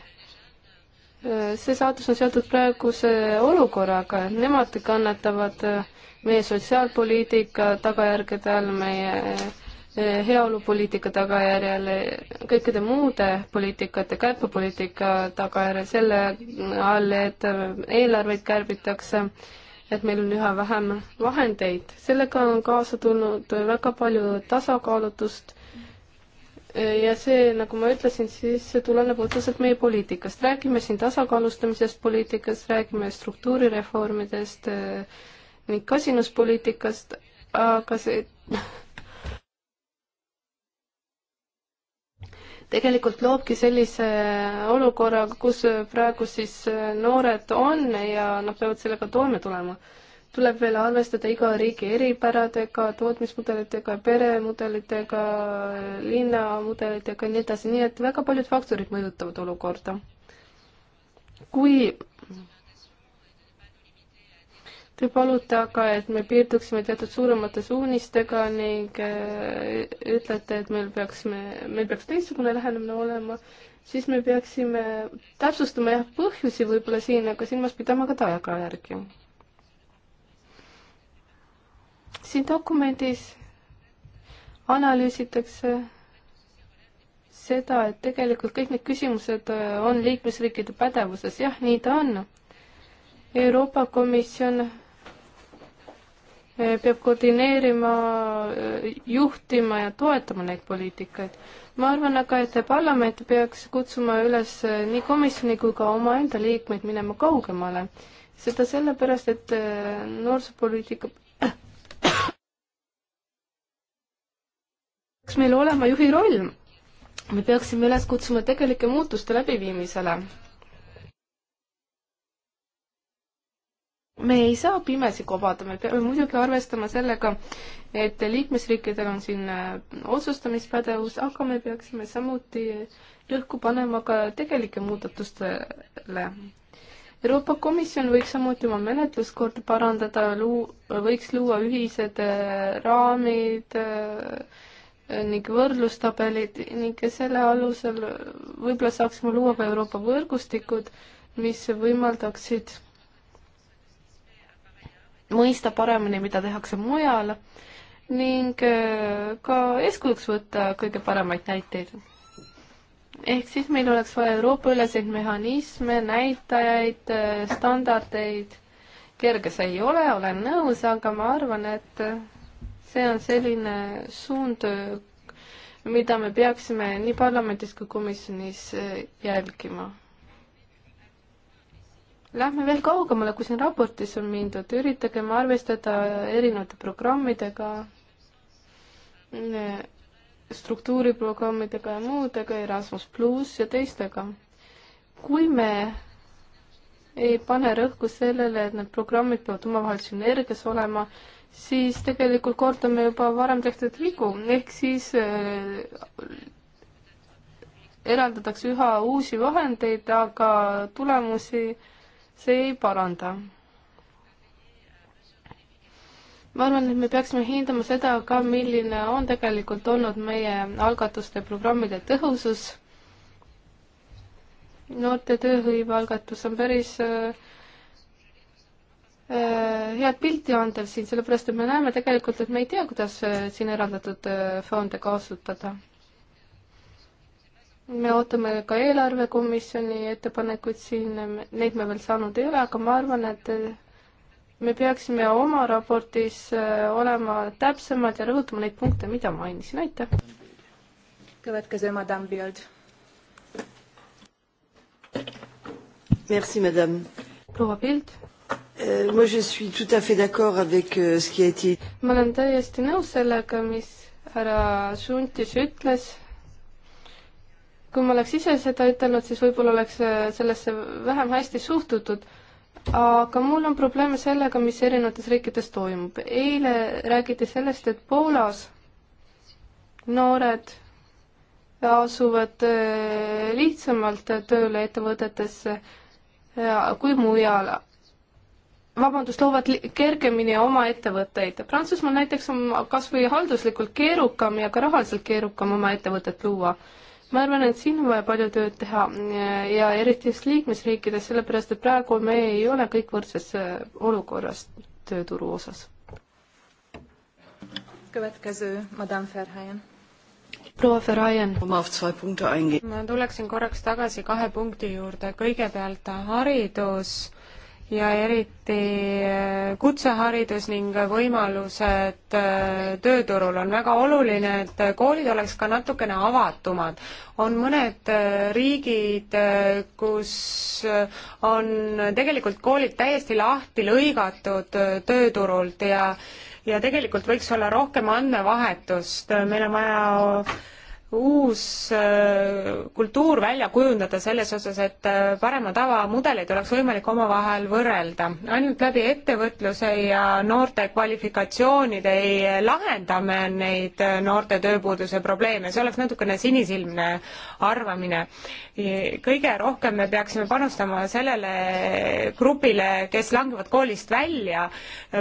see saatus on seotud praeguse olukorraga, nemad kannatavad meie sotsiaalpoliitika tagajärgede all, meie eh, heaolupoliitika tagajärjel, kõikide muude poliitikate, kärpepoliitika tagajärjel, selle all, et eelarveid kärbitakse, et meil on üha vähem vahendeid. sellega on kaasa tulnud väga palju tasakaalutust ja see, nagu ma ütlesin, siis see tuleneb otseselt meie poliitikast. räägime siin tasakaalustamisest poliitikas, räägime struktuurireformidest äh,, ning kasinuspoliitikast, aga see tegelikult loobki sellise olukorra, kus praegu siis noored on ja nad peavad sellega toime tulema. tuleb veel arvestada iga riigi eripäradega, tootmismudelitega, peremudelitega, linnamudelitega ja nii edasi, nii et väga paljud faktorid mõjutavad olukorda. kui Te palute aga, et me piirduksime teatud suuremate suunistega ning äh, ütlete, et meil peaks, meil peaks teistsugune lähenemine olema, siis me peaksime täpsustama jah, põhjusi võib-olla siin, aga silmas pidama ka tagajärgi. siin dokumendis analüüsitakse seda, et tegelikult kõik need küsimused äh, on liikmesriikide pädevuses, jah, nii ta on. Euroopa Komisjon Eh, peab koordineerima, eh, juhtima ja toetama neid poliitikaid. ma arvan aga, et parlament peaks kutsuma üles eh, nii komisjoni kui ka omaenda liikmeid minema kaugemale. seda sellepärast, et noorsoopoliitika peaks meil olema juhi roll. me peaksime üles kutsuma tegelike muutuste läbiviimisele me ei saa pimesi kobada, me peame muidugi arvestama sellega, et liikmesriikidel on siin äh, otsustamispädevus, aga me peaksime samuti rõhku panema ka tegelike muudatustele. Euroopa Komisjon võiks samuti oma menetluskorda parandada, luu-, võiks luua ühised äh, raamid äh, ning võrdlustabelid ning selle alusel võib-olla saaksime luua ka Euroopa võrgustikud, mis võimaldaksid mõista paremini, mida tehakse mujal ning äh, ka eeskujuks võtta kõige paremaid näiteid. ehk siis meil oleks vaja Euroopa-üleseid mehhanisme, näitajaid, äh, standardeid. kerge see ei ole, olen nõus, aga ma arvan, et see on selline suund, mida me peaksime nii parlamendis kui komisjonis äh, jälgima Lähme veel kaugemale, kui siin raportis on mindud, üritagem arvestada erinevate programmidega, struktuuriprogrammidega ja muudega, Erasmus pluss ja teistega. kui me ei pane rõhku sellele, et need programmid peavad omavahel sünergias olema, siis tegelikult kordame juba varem tehtud vigu, ehk siis äh, eraldatakse üha uusi vahendeid, aga tulemusi äh, see ei paranda. ma arvan, et me peaksime hindama seda ka, milline on tegelikult olnud meie algatuste programmide tõhusus. noorte tööhõive algatus on päris äh, äh, head pilti andev siin, sellepärast et me näeme tegelikult, et me ei tea, kuidas äh, siin eraldatud äh, fonde kasutada me ootame ka eelarvekomisjoni ettepanekuid siin, neid me veel saanud ei ole, aga ma arvan, et me peaksime oma raportis äh, olema täpsemad ja rõhutama neid punkte, mida mainisin, aitäh. Következő Madame Bild. Merci Madame. proua Bild. Euh, moi je suis tout à fait d'accord avec euh, ce qui a été. ma olen täiesti nõus sellega, mis härra Šuntis ütles kui ma oleks ise seda ütelnud, siis võib-olla oleks äh, sellesse vähem hästi suhtutud, aga mul on probleeme sellega, mis erinevates riikides toimub. eile räägiti sellest, et Poolas noored asuvad äh, lihtsamalt tööle ettevõtetesse äh, kui mujal. vabandust, loovad kergemini oma ettevõtteid. Prantsusmaal näiteks on kas või halduslikult keerukam ja ka rahaliselt keerukam oma ettevõtet luua ma arvan, et siin on vaja palju tööd teha eh, ja eriti just liikmesriikides, sellepärast et praegu me ei ole kõik võrdses eh, olukorras tööturu osas. proua Ferraien. ma tuleksin korraks tagasi kahe punkti juurde, kõigepealt haridus ja eriti äh, kutseharidus ning võimalused äh, tööturul on väga oluline, et koolid oleks ka natukene avatumad. on mõned äh, riigid, kus on tegelikult koolid täiesti lahti lõigatud tööturult ja ja tegelikult võiks olla rohkem andmevahetust, meil on vaja uus äh, kultuur välja kujundada selles osas, et äh, parema tava mudeleid oleks võimalik omavahel võrrelda. ainult läbi ettevõtluse ja noorte kvalifikatsioonide ei lahenda me neid äh, noorte tööpuuduse probleeme, see oleks natukene sinisilmne arvamine. kõige rohkem me peaksime panustama sellele grupile, kes langevad koolist välja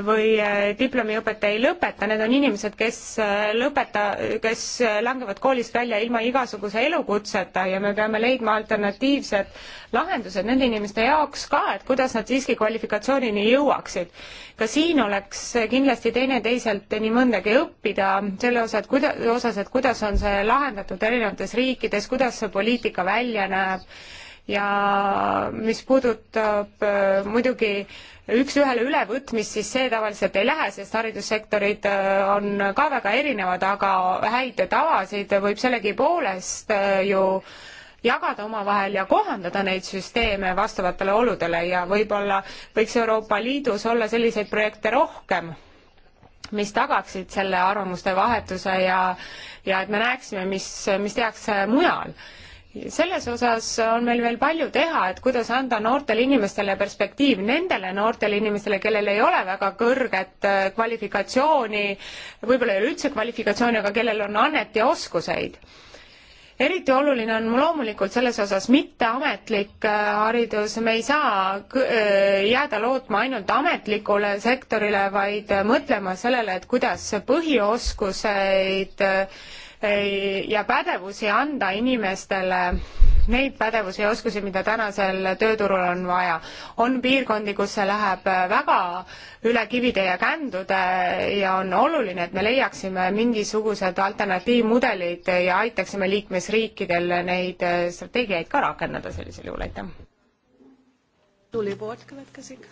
või diplomiõpet ei lõpeta, need on inimesed, kes lõpeta, kes langevad koolist välja välja ilma igasuguse elukutseta ja me peame leidma alternatiivsed lahendused nende inimeste jaoks ka, et kuidas nad siiski kvalifikatsioonini jõuaksid. ka siin oleks kindlasti teineteiselt nii mõndagi õppida selle osa, et kuida-, osas, et kuidas on see lahendatud erinevates riikides, kuidas see poliitika välja näeb ja mis puudutab äh, muidugi äh, üks-ühele ülevõtmist, siis see tavaliselt ei lähe, sest haridussektorid äh, on ka väga erinevad, aga häid tavasid võib sellegipoolest äh, ju jagada omavahel ja kohandada neid süsteeme vastavatele oludele ja võib-olla võiks Euroopa Liidus olla selliseid projekte rohkem, mis tagaksid selle arvamuste vahetuse ja, ja et me näeksime, mis, mis tehakse mujal selles osas on meil veel palju teha, et kuidas anda noortele inimestele perspektiiv, nendele noortele inimestele, kellel ei ole väga kõrget äh, kvalifikatsiooni, võib-olla ei ole üldse kvalifikatsiooni, aga kellel on annet ja oskuseid. eriti oluline on loomulikult selles osas mitteametlik äh, haridus, me ei saa äh, jääda lootma ainult ametlikule sektorile, vaid mõtlema sellele, et kuidas põhioskuseid ja pädevusi anda inimestele neid pädevusi ja oskusi, mida tänasel tööturul on vaja. on piirkondi, kus see läheb väga üle kivide ja kändude ja on oluline, et me leiaksime mingisugused alternatiivmudelid ja aitaksime liikmesriikidel neid strateegiaid ka rakendada sellisel juhul, aitäh. tuli poolt ka võtkasik.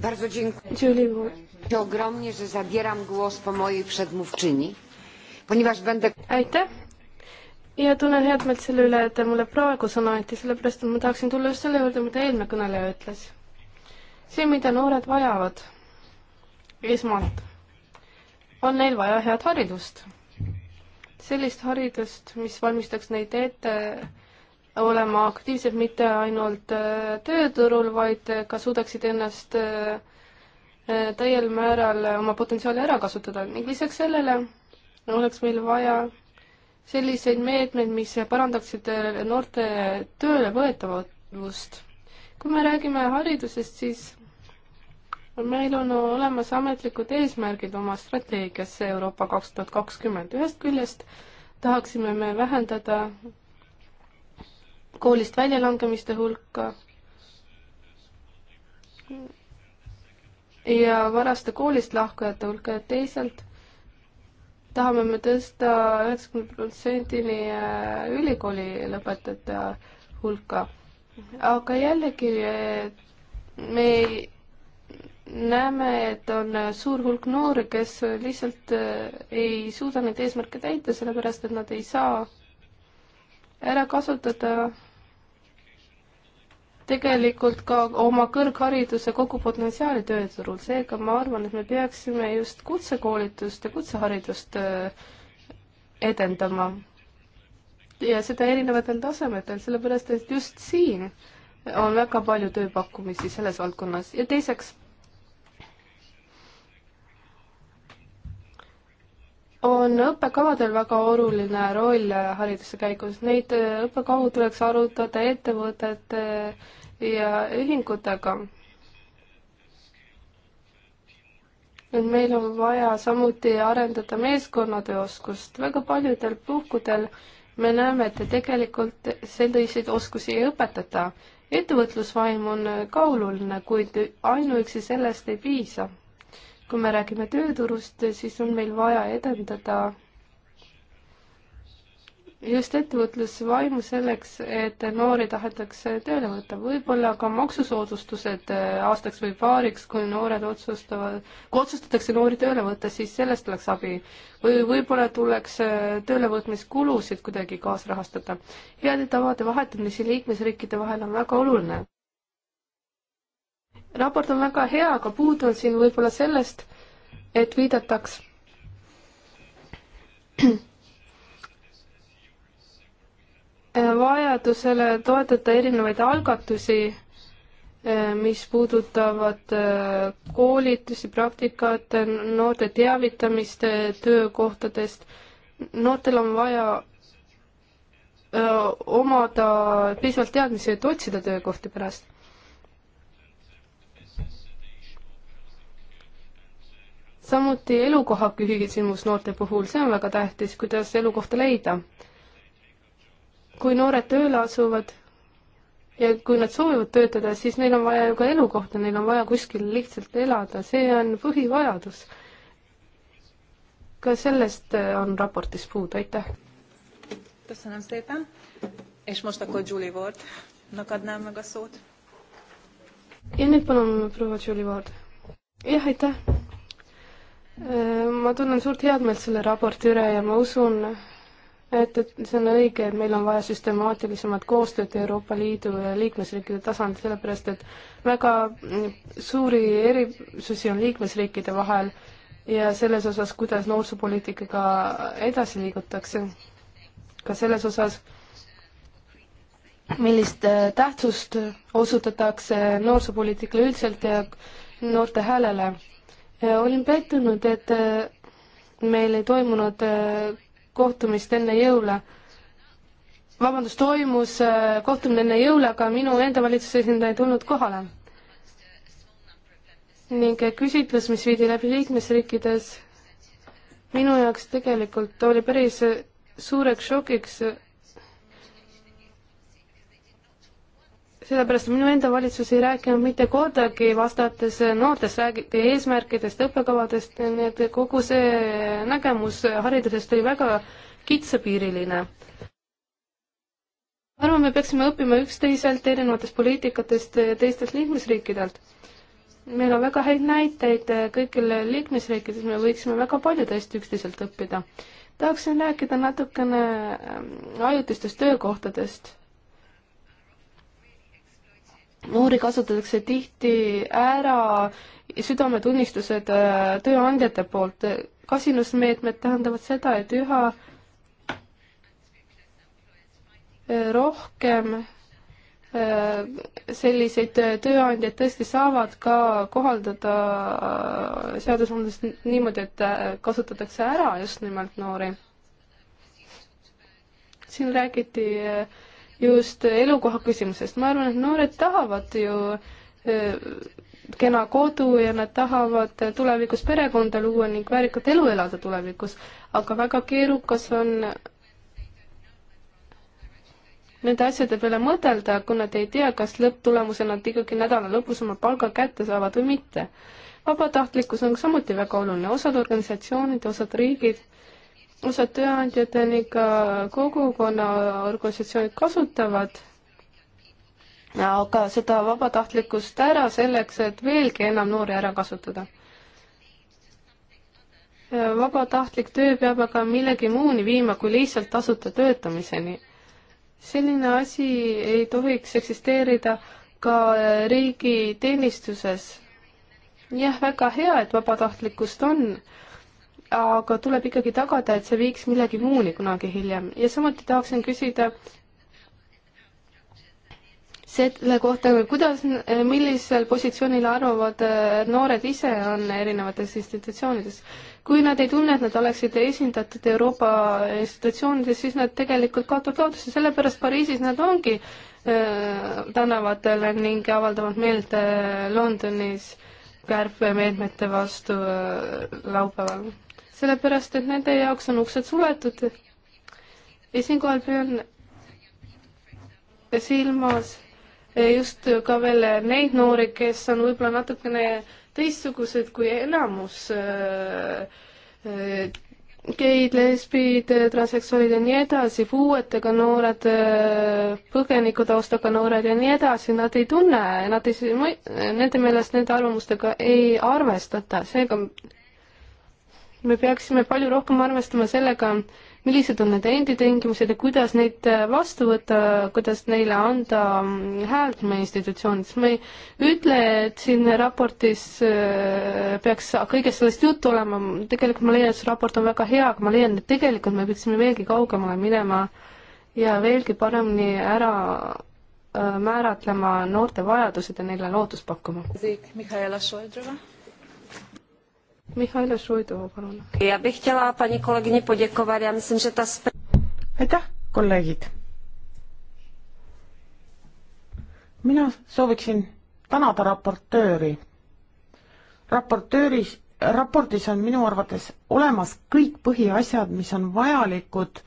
Bardzo dziękuję. Julie Ogromnie, że zabieram głos po mojej przedmówczyni, ponieważ będę... Aitäh! ja tunnen head meelt selle üle, et te mulle praegu sõna anti, sellepärast et ma tahaksin tulla just selle juurde, mida eelmine kõneleja ütles. see, mida noored vajavad esmalt, on neil vaja head haridust. sellist haridust, mis valmistaks neid ette olema aktiivsed mitte ainult äh, tööturul, vaid ka suudaksid ennast äh, äh, täiel määral oma potentsiaali ära kasutada ning lisaks sellele oleks meil vaja selliseid meetmeid, mis parandaksid noorte tööle võetavust. kui me räägime haridusest, siis meil on olemas ametlikud eesmärgid oma strateegiasse Euroopa kaks tuhat kakskümmend. ühest küljest tahaksime me vähendada koolist väljalangemiste hulka ja varaste koolist lahkujate hulka ja teisalt tahame me tõsta üheksakümne protsendini äh, ülikooli lõpetajate hulka. aga jällegi äh, me näeme, et on äh, suur hulk noori, kes lihtsalt ei suuda neid eesmärke täita, sellepärast et nad ei saa ära kasutada tegelikult ka oma kõrghariduse kogu potentsiaali tööturul, seega ma arvan, et me peaksime just kutsekoolitust ja kutseharidust äh, edendama. ja seda erinevatel tasemetel, sellepärast et just siin on väga palju tööpakkumisi selles valdkonnas ja teiseks on õppekavadel väga oluline roll hariduse käigus, neid äh, õppekavu tuleks arutada ettevõtete et ja ühingutega. et meil on vaja samuti arendada meeskonnatöö oskust, väga paljudel puhkudel me näeme, et tegelikult selliseid oskusi ei õpetata. ettevõtlusvaim on ka oluline, kuid ainuüksi sellest ei piisa. kui me räägime tööturust, siis on meil vaja edendada just ettevõtlusvaimu selleks, et noori tahetakse tööle võtta, võib-olla ka maksusoodustused äh, aastaks või paariks, kui noored otsustavad, kui otsustatakse noori tööle võtta, siis sellest oleks abi. või võib-olla tuleks äh, töölevõtmiskulusid kuidagi kaasrahastada. heade tavade vahetamisi liikmesriikide vahel on väga oluline. raport on väga hea, aga puudu on siin võib-olla sellest, et viidataks vajadusele toetada erinevaid algatusi, eh, mis puudutavad eh, koolitusi, praktikat, noorte teavitamist eh, töökohtadest. noortel on vaja omada piisavalt teadmisi, et otsida töökohti pärast. samuti elukoha küsimus noorte puhul, see on väga tähtis, kuidas elukohta leida kui noored tööle asuvad ja kui nad soovivad töötada, siis neil on vaja ju ka elukohta, neil on vaja kuskil lihtsalt elada, see on põhivajadus. ka sellest äh, on raportis puudu, aitäh. köszönöm szépen, és most akkor Julie Ward, adnám meg a szót. ja nüüd palun proua Julie Ward. jah, aitäh. Äh, ma tunnen suurt heameelt selle raporti üle ja ma usun, et, et see on õige, et meil on vaja süstemaatilisemat koostööd Euroopa Liidu ja liikmesriikide tasandil, sellepärast et väga suuri erisusi on liikmesriikide vahel ja selles osas, kuidas noorsoopoliitikaga edasi liigutakse. ka selles osas, millist äh, tähtsust osutatakse noorsoopoliitikale üldiselt ja noorte häälele. olin pettunud, et äh, meil ei toimunud äh, kohtumist enne jõule. vabandust, toimus äh, kohtumine enne jõule, aga minu enda valitsuse esindaja ei tulnud kohale. ning küsitlus, mis viidi läbi liikmesriikides, minu jaoks tegelikult oli päris suureks šokiks sellepärast minu enda valitsus ei rääkinud mitte kordagi, vastates noortest räägiti eesmärkidest, õppekavadest, nii et kogu see nägemus haridusest oli väga kitsapiiriline. arvan, me peaksime õppima üksteiselt, erinevatest poliitikatest, teistelt liikmesriikidelt. meil on väga häid näiteid kõigil liikmesriikides, me võiksime väga palju tõesti üksteiselt õppida. tahaksin rääkida natukene ähm, ajutistest töökohtadest noori kasutatakse tihti ära südametunnistused äh, tööandjate poolt. kasinusmeetmed tähendavad seda, et üha äh, rohkem äh, selliseid tööandjaid tõesti saavad ka kohaldada seadusandlust niimoodi, et kasutatakse ära just nimelt noori. siin räägiti äh, just elukoha küsimusest. ma arvan, et noored tahavad ju e, kena kodu ja nad tahavad tulevikus perekonda luua ning väärikat elu elada tulevikus, aga väga keerukas on nende asjade peale mõtelda, kui nad ei tea, kas lõpptulemusena nad ikkagi nädala lõpus oma palga kätte saavad või mitte. vabatahtlikkus on samuti väga oluline, osad organisatsioonid, osad riigid osad tööandjad ning ka kogukonna organisatsioonid kasutavad aga seda vabatahtlikkust ära selleks, et veelgi enam noori ära kasutada. vabatahtlik töö peab aga millegi muuni viima kui lihtsalt tasuta töötamiseni. selline asi ei tohiks eksisteerida ka riigiteenistuses. jah, väga hea, et vabatahtlikkust on aga tuleb ikkagi tagada, et see viiks millegi muuni kunagi hiljem ja samuti tahaksin küsida selle kohta, kuidas, millisel positsioonil arvavad äh, noored ise on erinevates institutsioonides. kui nad ei tunne, et nad oleksid esindatud Euroopa institutsioonides, siis nad tegelikult kaotavad lootuse, sellepärast Pariisis nad ongi äh, tänavatel ning avaldavad meelt äh, Londonis kärpemeetmete vastu laupäeval sellepärast et nende jaoks on uksed suletud. ja siinkohal püüan silmas just ka veel neid noori, kes on võib-olla natukene teistsugused kui enamus äh, äh, geid, lesbid, transseksuaalid ja nii edasi, puuetega noored, äh, põgenikutaustaga noored ja nii edasi, nad ei tunne, nad ei, nende meelest nende arvamustega ei arvestata, seega me peaksime palju rohkem arvestama sellega, millised on nende endi tingimused ja kuidas neid äh, vastu võtta, kuidas neile anda mm, häält meie institutsioonides. ma ei ütle, et siin raportis äh, peaks kõigest sellest juttu olema, tegelikult ma leian, et see raport on väga hea, aga ma leian, et tegelikult me peaksime veelgi kaugemale minema ja veelgi paremini ära äh, määratlema noorte vajadused ja neile lootust pakkuma. Mihhail Šoldrova Mihhail Šuidova, palun. ja Pihtjala pani kolleegini Podjakova ja mis on seda. aitäh, kolleegid. mina sooviksin tänada raportööri. raportööris, raportis on minu arvates olemas kõik põhiasjad, mis on vajalikud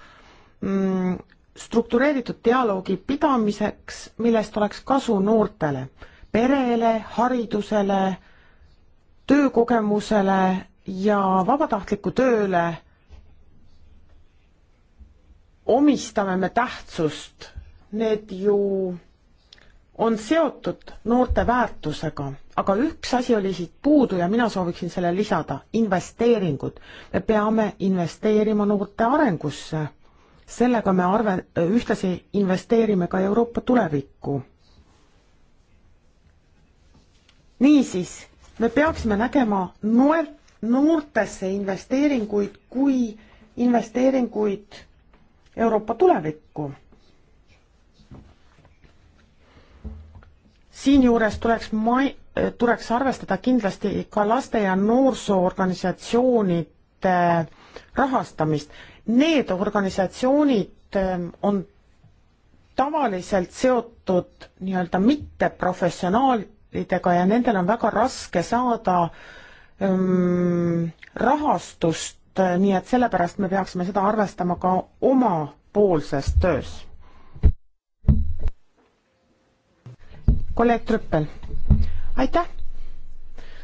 mm, struktureeritud dialoogi pidamiseks, millest oleks kasu noortele, perele, haridusele töökogemusele ja vabatahtliku tööle omistame me tähtsust, need ju on seotud noorte väärtusega, aga üks asi oli siit puudu ja mina sooviksin selle lisada, investeeringud. me peame investeerima noorte arengusse. sellega me arve, ühtlasi investeerime ka Euroopa tulevikku. niisiis me peaksime nägema noer, noortesse investeeringuid kui investeeringuid Euroopa tulevikku. siinjuures tuleks mai-, tuleks arvestada kindlasti ka laste ja noorsoorganisatsioonide rahastamist. Need organisatsioonid ähm, on tavaliselt seotud nii-öelda mitteprofessionaal-, projektidega ja nendel on väga raske saada ähm, rahastust, nii et sellepärast me peaksime seda arvestama ka omapoolses töös. kolleeg Trüppel, aitäh!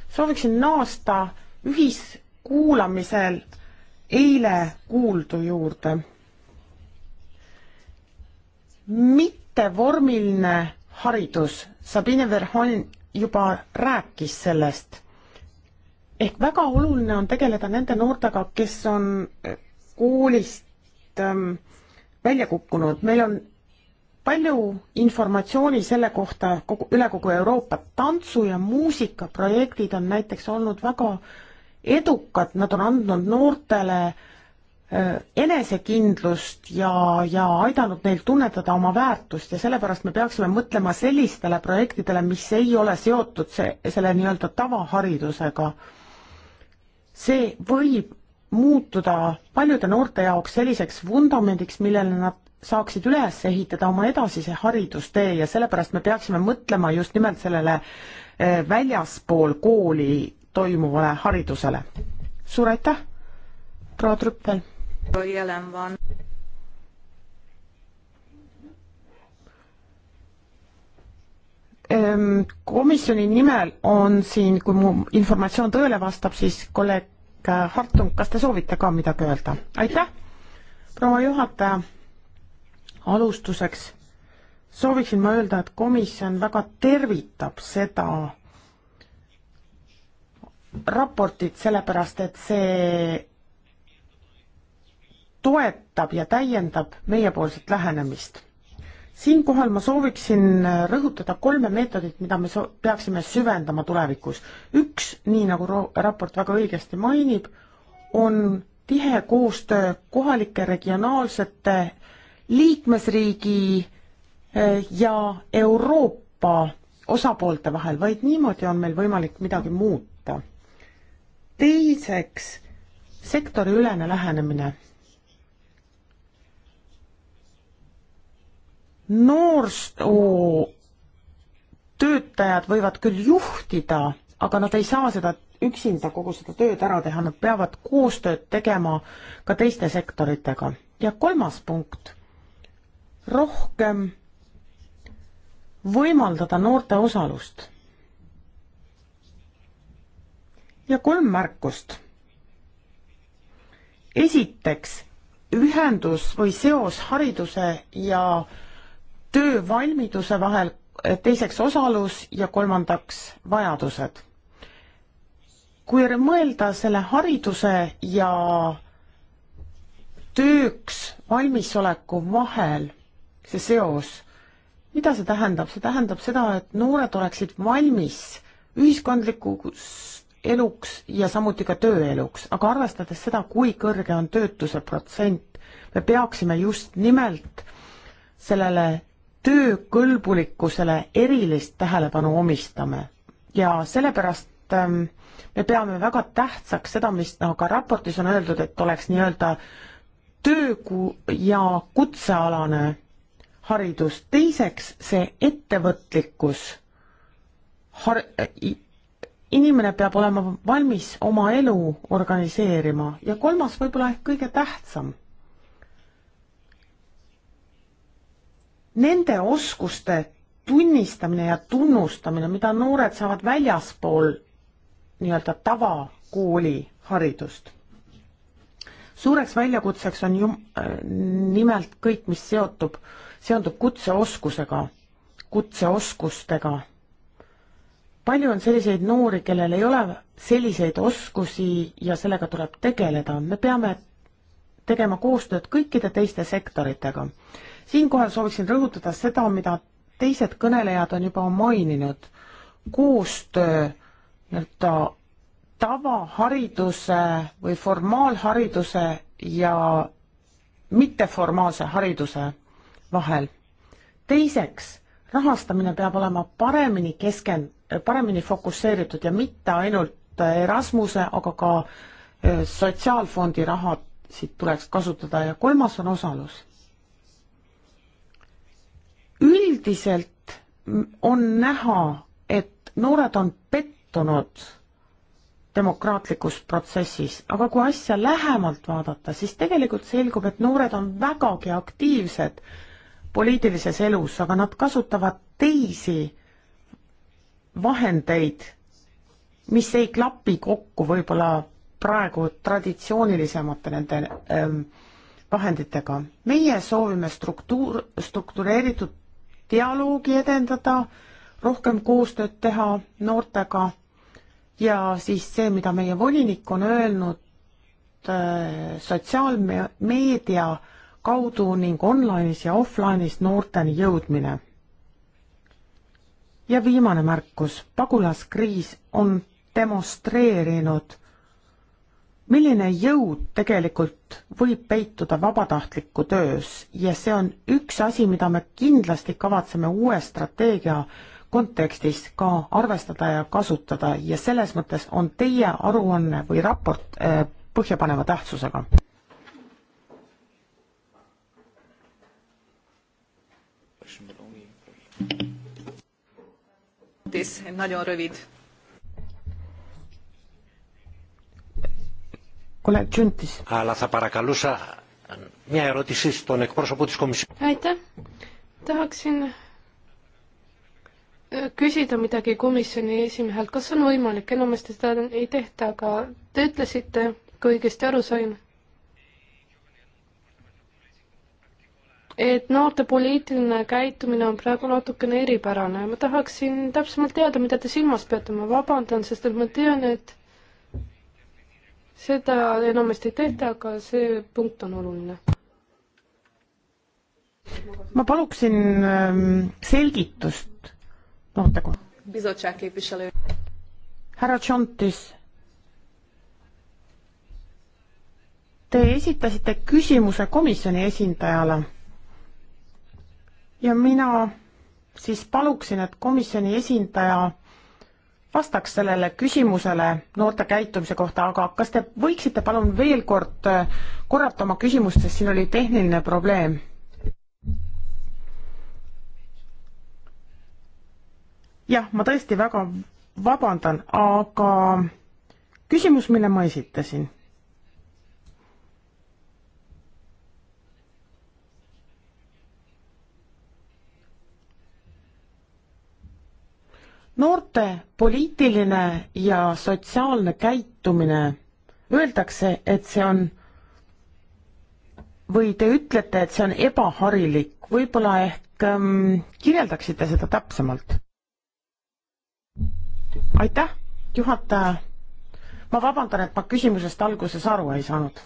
sooviksin naasta ühiskuulamisel eile kuuldu juurde. mittevormiline haridus, Sabine Verhon juba rääkis sellest. ehk väga oluline on tegeleda nende noortega, kes on eh, koolist ähm, välja kukkunud, meil on palju informatsiooni selle kohta kogu, üle kogu Euroopa, tantsu- ja muusikaprojektid on näiteks olnud väga edukad, nad on andnud noortele äh, Äh, enesekindlust ja, ja aidanud neil tunnetada oma väärtust ja sellepärast me peaksime mõtlema sellistele projektidele, mis ei ole seotud see, selle nii-öelda tavaharidusega. see võib muutuda paljude noorte jaoks selliseks vundamendiks, millele nad saaksid üles ehitada oma edasise haridustee ja sellepärast me peaksime mõtlema just nimelt sellele äh, väljaspool kooli toimuvale haridusele. suur aitäh, proua Trüppel! jelen van. komisjoni nimel on siin, kui mu informatsioon tõele vastab, siis kolleeg Hartung, kas te soovite ka midagi öelda? aitäh, proua juhataja. alustuseks sooviksin ma öelda, et komisjon väga tervitab seda raportit, sellepärast et see toetab ja täiendab meiepoolset lähenemist. siinkohal ma sooviksin rõhutada kolme meetodit, mida me so-, peaksime süvendama tulevikus. üks, nii nagu ro-, raport väga õigesti mainib, on tihe koostöö kohalike regionaalsete liikmesriigi eh, ja Euroopa osapoolte vahel, vaid niimoodi on meil võimalik midagi muuta. teiseks, sektoriülene lähenemine noorsoo töötajad võivad küll juhtida, aga nad ei saa seda üksinda kogu seda tööd ära teha, nad peavad koostööd tegema ka teiste sektoritega. ja kolmas punkt, rohkem võimaldada noorte osalust. ja kolm märkust. esiteks, ühendus või seos hariduse ja äh, töövalmiduse vahel, teiseks osalus ja kolmandaks vajadused. kui mõelda selle hariduse ja tööks valmisoleku vahel, see seos, mida see tähendab, see tähendab seda, et noored oleksid valmis ühiskondlikuks eluks ja samuti ka tööeluks, aga arvestades seda, kui kõrge on töötuse protsent, me peaksime just nimelt sellele töökõlbulikkusele erilist tähelepanu omistame ja sellepärast ähm, me peame väga tähtsaks seda, mis no, ka raportis on öeldud, et oleks nii-öelda töö- ja kutsealane haridus, teiseks see ettevõtlikkus, har-, äh, inimene peab olema valmis oma elu organiseerima ja kolmas võib-olla ehk kõige tähtsam nende oskuste tunnistamine ja tunnustamine, mida noored saavad väljaspool nii-öelda tavakooliharidust. suureks väljakutseks on ju äh, nimelt kõik, mis seotub, seondub kutseoskusega, kutseoskustega. palju on selliseid noori, kellel ei ole selliseid oskusi ja sellega tuleb tegeleda, me peame tegema koostööd kõikide teiste sektoritega siinkohal sooviksin rõhutada seda, mida teised kõnelejad on juba maininud, koostöö nii-öelda tavahariduse või formaalhariduse ja mitteformaalse hariduse vahel. teiseks, rahastamine peab olema paremini kesken-, paremini fokusseeritud ja mitte ainult Erasmuse, aga ka eh, sotsiaalfondi rahasid tuleks kasutada ja kolmas on osalus üldiselt on näha, et noored on pettunud demokraatlikus protsessis, aga kui asja lähemalt vaadata, siis tegelikult selgub, et noored on vägagi aktiivsed poliitilises elus, aga nad kasutavad teisi vahendeid, mis ei klapi kokku võib-olla praegu traditsioonilisemate nende ähm, vahenditega. meie soovime struktuur, struktureeritud dialoogi edendada, rohkem koostööd teha noortega ja siis see, mida meie volinik on öelnud äh, sotsiaalmeedia kaudu ning online'is ja offline'is noorteni jõudmine. ja viimane märkus, pagulaskriis on demonstreerinud milline jõud tegelikult võib peituda vabatahtliku töös ja see on üks asi, mida me kindlasti kavatseme uue strateegia kontekstis ka arvestada ja kasutada ja selles mõttes on teie aruanne või raport äh, põhjapaneva tähtsusega. nagyon rövid kolleeg Tšuntis. aitäh, tahaksin küsida midagi komisjoni esimehelt, kas on võimalik, enamasti seda ei tehta, aga te ütlesite, kui õigesti aru sain, et noorte poliitiline käitumine on praegu natukene eripärane ja ma tahaksin täpsemalt teada, mida te silmas peate, ma vabandan, sest et ma tean, et seda enamasti ei tehta, aga see punkt on oluline. ma paluksin ähm, selgitust, noortegu. härra Tšontis, te esitasite küsimuse komisjoni esindajale ja mina siis paluksin, et komisjoni esindaja vastaks sellele küsimusele noorte käitumise kohta, aga kas te võiksite palun veel kord äh, korrata oma küsimust, sest siin oli tehniline probleem? jah, ma tõesti väga vabandan, aga küsimus, mille ma esitasin noorte poliitiline ja sotsiaalne käitumine, öeldakse, et see on või te ütlete, et see on ebaharilik, võib-olla ehk ähm, kirjeldaksite seda täpsemalt? aitäh, juhataja. ma vabandan, et ma küsimusest alguses aru ei saanud.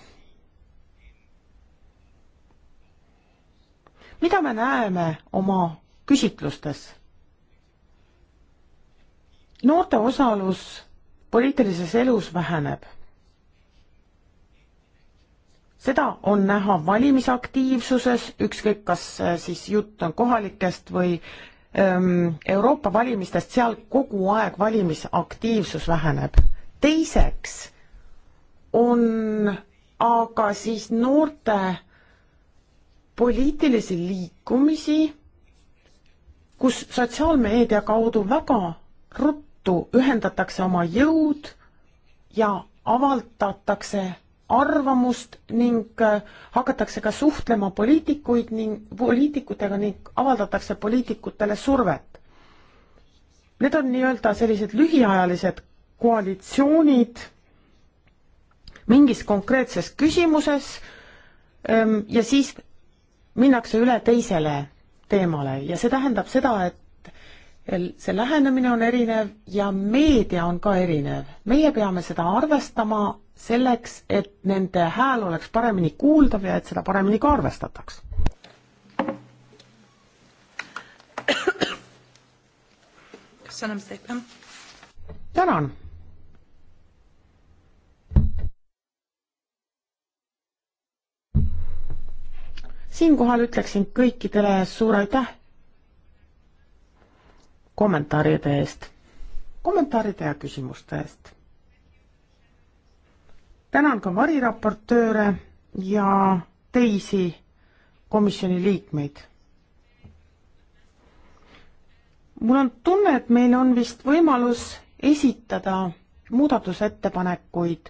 mida me näeme oma küsitlustes? noorte osalus poliitilises elus väheneb. seda on näha valimisaktiivsuses, ükskõik kas äh, siis jutt on kohalikest või ähm, Euroopa valimistest, seal kogu aeg valimisaktiivsus väheneb. teiseks on aga siis noorte poliitilisi liikumisi, kus sotsiaalmeedia kaudu väga ruttu kaudu ühendatakse oma jõud ja avaldatakse arvamust ning äh, hakatakse ka suhtlema poliitikuid ning poliitikutega ning avaldatakse poliitikutele survet. Need on nii-öelda sellised lühiajalised koalitsioonid mingis konkreetses küsimuses ähm, ja siis minnakse üle teisele teemale ja see tähendab seda, et see lähenemine on erinev ja meedia on ka erinev. meie peame seda arvestama selleks, et nende hääl oleks paremini kuuldav ja et seda paremini ka arvestataks. tänan. siinkohal ütleksin kõikidele suur aitäh kommentaaride eest, kommentaaride ja küsimuste eest. tänan ka variraportööre ja teisi komisjoni liikmeid. mul on tunne, et meil on vist võimalus esitada muudatusettepanekuid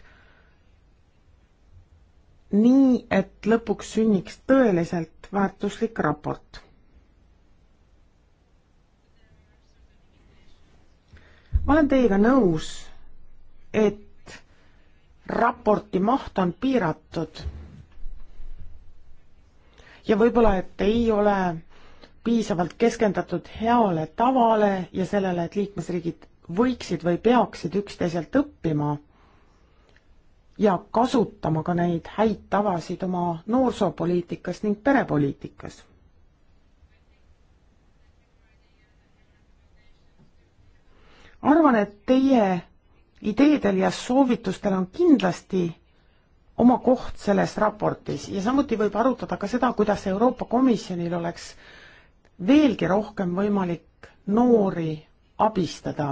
nii, et lõpuks sünniks tõeliselt väärtuslik raport ma olen teiega nõus, et raporti maht on piiratud. ja võib-olla, et ei ole piisavalt keskendatud heale tavale ja sellele, et liikmesriigid võiksid või peaksid üksteiselt õppima ja kasutama ka neid häid tavasid oma noorsoopoliitikas ning perepoliitikas arvan, et teie ideedel ja soovitustel on kindlasti oma koht selles raportis ja samuti võib arutada ka seda, kuidas Euroopa Komisjonil oleks veelgi rohkem võimalik noori abistada.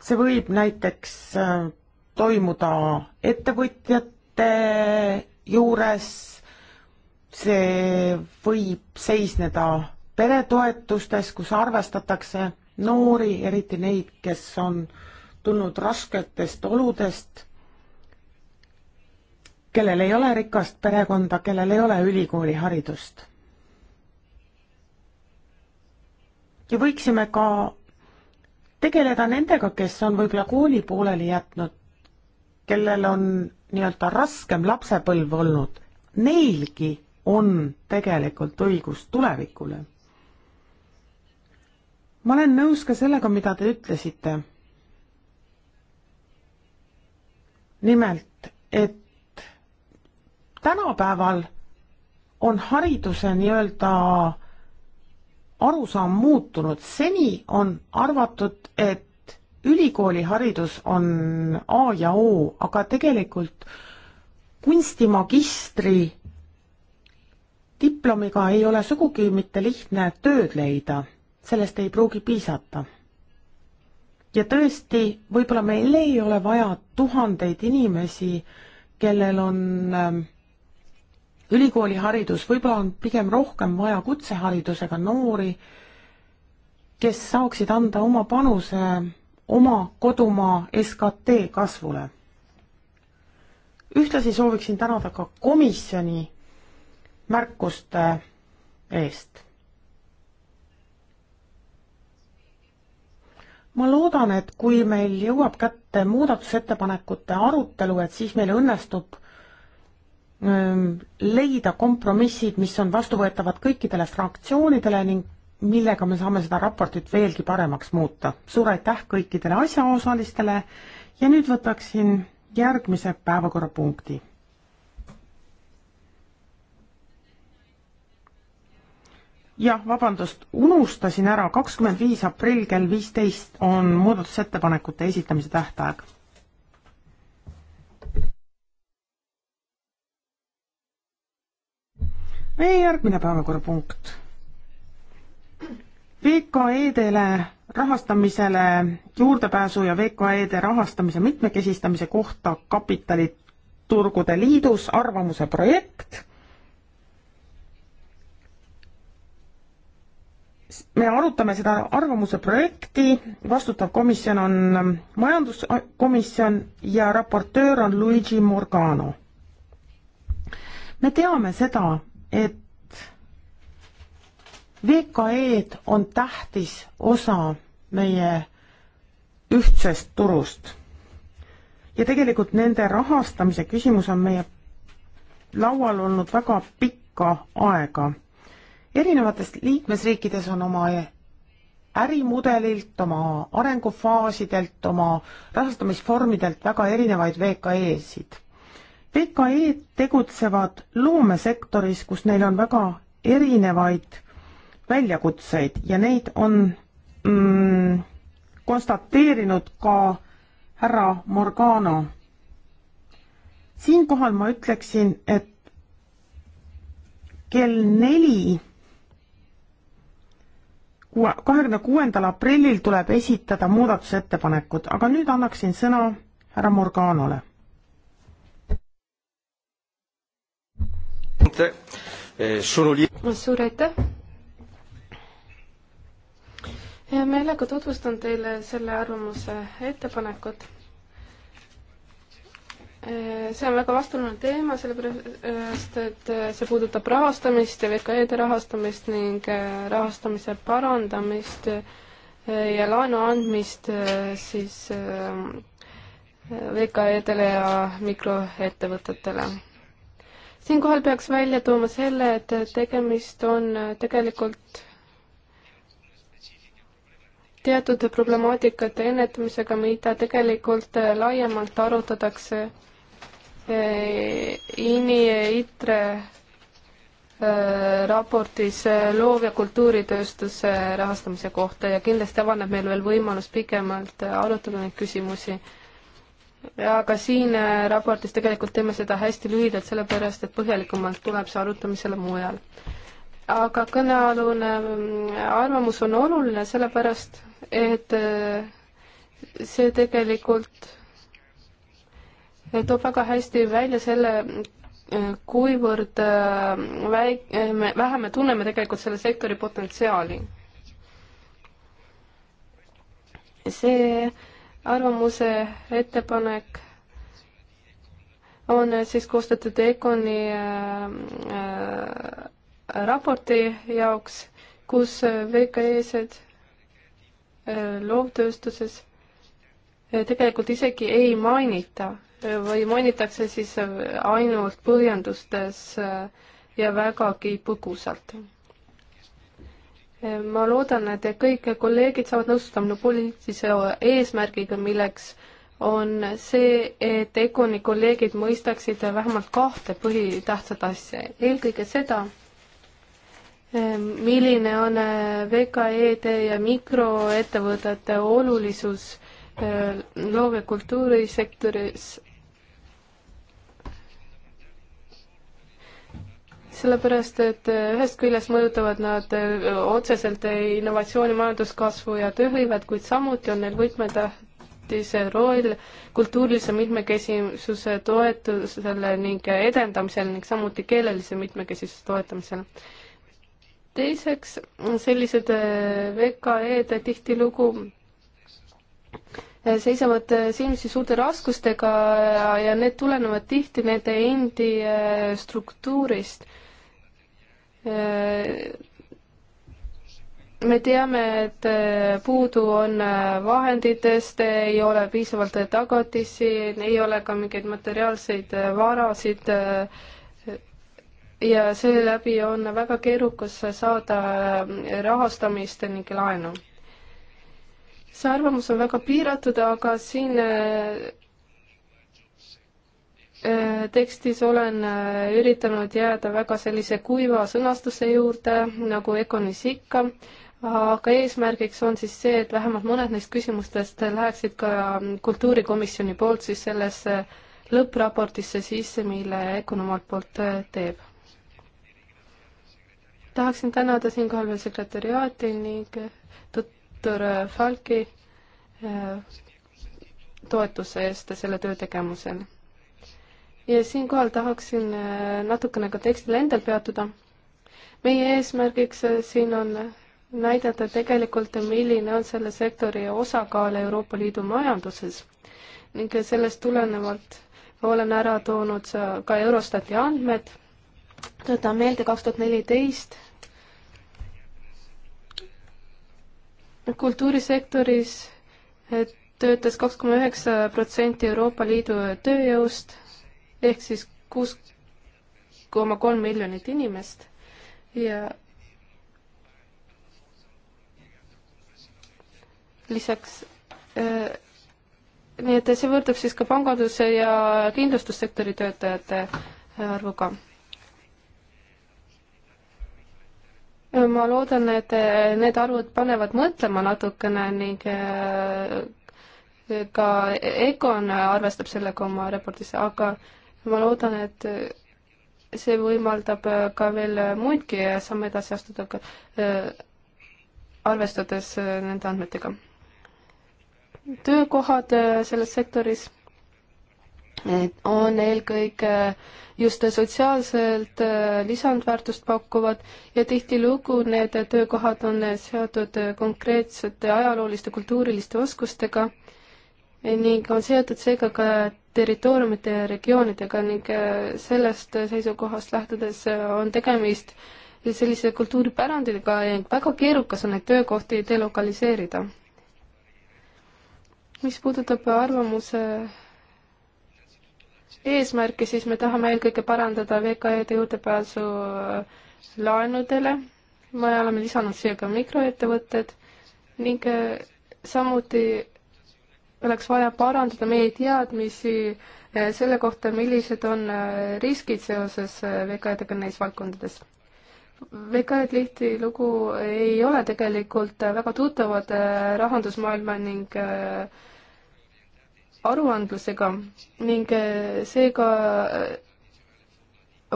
see võib näiteks äh, toimuda ettevõtjate juures, see võib seisneda peretoetustes, kus arvestatakse noori, eriti neid, kes on tulnud rasketest oludest, kellel ei ole rikast perekonda, kellel ei ole ülikooliharidust. ja võiksime ka tegeleda nendega, kes on võib-olla kooli pooleli jätnud, kellel on nii-öelda raskem lapsepõlv olnud, neilgi on tegelikult õigus tulevikule ma olen nõus ka sellega, mida te ütlesite. nimelt, et tänapäeval on hariduse nii-öelda arusaam muutunud, seni on arvatud, et ülikooliharidus on A ja O, aga tegelikult kunstimagistri diplomiga ei ole sugugi mitte lihtne tööd leida sellest ei pruugi piisata. ja tõesti, võib-olla meil ei ole vaja tuhandeid inimesi, kellel on ähm, ülikooliharidus, võib-olla on pigem rohkem vaja kutseharidusega noori, kes saaksid anda oma panuse oma kodumaa SKT kasvule. ühtlasi sooviksin tänada ka komisjoni märkuste eest ma loodan, et kui meil jõuab kätte muudatusettepanekute arutelu, et siis meil õnnestub ähm, leida kompromissid, mis on vastuvõetavad kõikidele fraktsioonidele ning millega me saame seda raportit veelgi paremaks muuta. suur aitäh kõikidele asjaosalistele ja nüüd võtaksin järgmise päevakorrapunkti jah, vabandust, unustasin ära, kakskümmend viis aprill kell viisteist on muudatusettepanekute esitamise tähtaeg. meie järgmine päevakorrapunkt. VKE-dele rahastamisele juurdepääsu ja VKE-de rahastamise mitmekesistamise kohta kapitaliturgude liidus arvamuse projekt me arutame seda arvamuse projekti, vastutav komisjon on ähm, majanduskomisjon ja raportöör on Luigi Morgano. me teame seda, et VKE-d on tähtis osa meie ühtsest turust. ja tegelikult nende rahastamise küsimus on meie laual olnud väga pikka aega erinevates liikmesriikides on oma ärimudelilt, oma arengufaasidelt, oma rahastamisvormidelt väga erinevaid VKE-sid. VKE-d tegutsevad loomesektoris, kus neil on väga erinevaid väljakutseid ja neid on mm, konstateerinud ka härra Morgano. siinkohal ma ütleksin, et kell neli kuue, kahekümne kuuendal aprillil tuleb esitada muudatusettepanekud, aga nüüd annaksin sõna härra Morganole. suur aitäh! hea meelega tutvustan teile selle arvamuse ettepanekut see on väga vastuoluline teema, sellepärast et äh, see puudutab rahastamist ja VKE-de rahastamist ning äh, rahastamise parandamist äh, ja laenu andmist siis VKE-dele ja mikroettevõtetele. siinkohal peaks välja tooma selle, et tegemist on tegelikult teatud problemaatikate ennetamisega, mida tegelikult laiemalt arutatakse Äh, INI ITRE äh, raportis äh, loov- ja kultuuritööstuse rahastamise kohta ja kindlasti avaneb meil veel võimalus pikemalt arutada neid küsimusi. aga siin raportis tegelikult teeme seda hästi lühidalt, sellepärast et põhjalikumalt tuleb see arutamisele mujal. aga kõnealune arvamus on oluline sellepärast, et see tegelikult toob väga hästi välja selle, kuivõrd äh, väik-, äh, vähe me tunneme tegelikult selle sektori potentsiaali. see arvamuse ettepanek on siis koostatud EKONi äh, raporti jaoks, kus VKE-sed loovtööstuses tegelikult isegi ei mainita või mainitakse siis ainult põhjendustes ja vägagi põgusalt. ma loodan, et kõik kolleegid saavad nõustuda minu poliitilise eesmärgiga, milleks on see, et Econi kolleegid mõistaksid vähemalt kahte põhitähtsat asja, eelkõige seda, milline on VKE-de ja mikroettevõtete olulisus loov- ja kultuurisektoris sellepärast, et äh, ühest küljest mõjutavad nad äh, otseselt äh, innovatsiooni, majanduskasvu ja tööhõivet, kuid samuti on neil võtmetähtis roll kultuurilise mitmekesisuse toetusele ning edendamisel ning samuti keelelise mitmekesisuse toetamisel. teiseks, sellised VKE-d tihtilugu seisavad silmitsi suurte raskustega ja need tulenevad tihti nende endi struktuurist Äh, me teame, et äh, puudu on äh, vahenditest, ei ole piisavalt tagatisi, ei ole ka mingeid materiaalseid varasid ja seeläbi on väga keerukas saada rahastamist ning laenu. see arvamus on väga piiratud, aga siin Äh, tekstis olen äh, üritanud jääda väga sellise kuiva sõnastuse juurde, nagu Econis ikka, aga eesmärgiks on siis see, et vähemalt mõned neist küsimustest läheksid ka kultuurikomisjoni poolt siis sellesse lõppraportisse sisse, mille Econ omalt poolt äh, teeb. tahaksin tänada siinkohal veel sekretäriaati ning doktor Falki toetuse eest selle töö tegemisel ja siinkohal tahaksin äh, natukene ka tekstil endal peatuda. meie eesmärgiks äh, siin on näidata tegelikult, milline on selle sektori osakaal Euroopa Liidu majanduses ning sellest tulenevalt olen ära toonud ka Eurostati andmed. tuletan meelde kaks tuhat neliteist. kultuurisektoris äh, töötas kaks koma üheksa protsenti Euroopa Liidu tööjõust ehk siis kuus koma kolm miljonit inimest ja lisaks äh, nii et see võrdub siis ka panganduse ja kindlustussektori töötajate äh, arvuga. ma loodan, et äh, need arvud panevad mõtlema natukene ning äh, ka Econ arvestab sellega oma raportis, aga äh, ma loodan, et see võimaldab äh, ka veel äh, muidki äh, samme edasi astuda, arvestades nende andmetega. töökohad selles sektoris on eelkõige just sotsiaalselt lisandväärtust pakkuvad ja tihtilugu need töökohad on seotud konkreetsete ajalooliste, kultuuriliste oskustega ning on seotud seega ka territooriumite ja regioonidega ning äh, sellest seisukohast lähtudes äh, on tegemist sellise kultuuripärandiga ja väga keerukas on neid töökohti delokaliseerida. mis puudutab arvamuse eesmärki, siis me tahame eelkõige parandada VKE-de juurdepääsu äh, laenudele, me oleme lisanud siia ka mikroettevõtted ning samuti oleks vaja parandada meie teadmisi eh, selle kohta, millised on eh, riskid seoses eh, VKE-dega neis valdkondades. VKE-d lihtilugu ei ole tegelikult väga tuttavad rahandusmaailma ning aruandlusega ning seega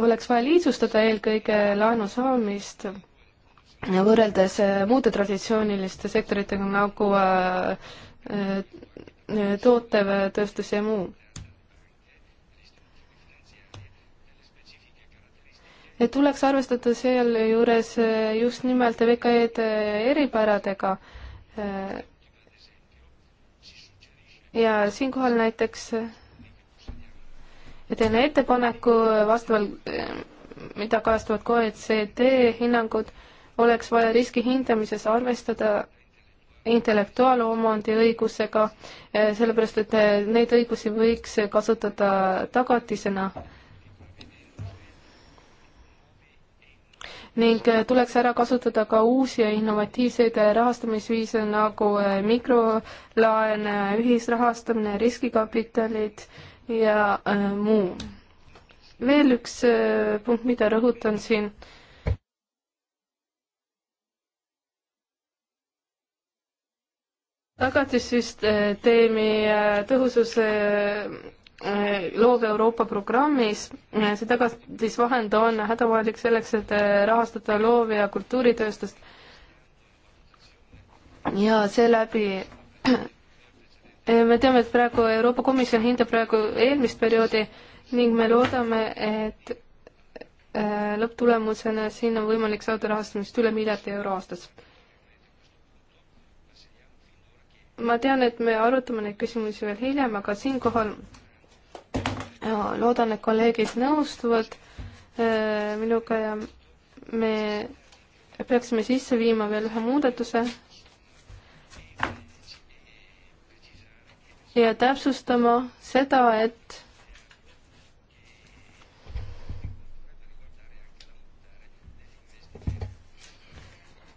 oleks vaja lihtsustada eelkõige laenu saamist võrreldes muude traditsiooniliste sektoritega nagu tootev tööstus ja muu. et tuleks arvestada sealjuures eh, just nimelt VKE-de eh, eripäradega. Eh, ja siinkohal näiteks teen ettepaneku vastaval, mida kajastavad ka OECD hinnangud, oleks vaja riski hindamises arvestada intellektuaalomandi õigusega, eh, sellepärast et eh, neid õigusi võiks kasutada tagatisena. ning eh, tuleks ära kasutada ka uusi ja innovatiivseid rahastamisviise nagu mikrolaen, ühisrahastamine, riskikapitalid ja muu. veel üks punkt, mida rõhutan siin tagatissüsteemi äh, tõhususe äh, loov Euroopa programmis. Äh, see tagatisvahend on hädavajalik selleks, et rahastada loov- ja kultuuritööstust ja seeläbi me teame, et praegu Euroopa Komisjon hindab praegu eelmist perioodi ning me loodame, et lõpptulemusena siin on võimalik saada rahastamist üle miljardi euro aastas ma tean, et me arutame neid küsimusi veel hiljem, aga siinkohal äh, loodan, et kolleegid nõustuvad äh, minuga ja me peaksime sisse viima veel ühe muudatuse ja täpsustama seda, et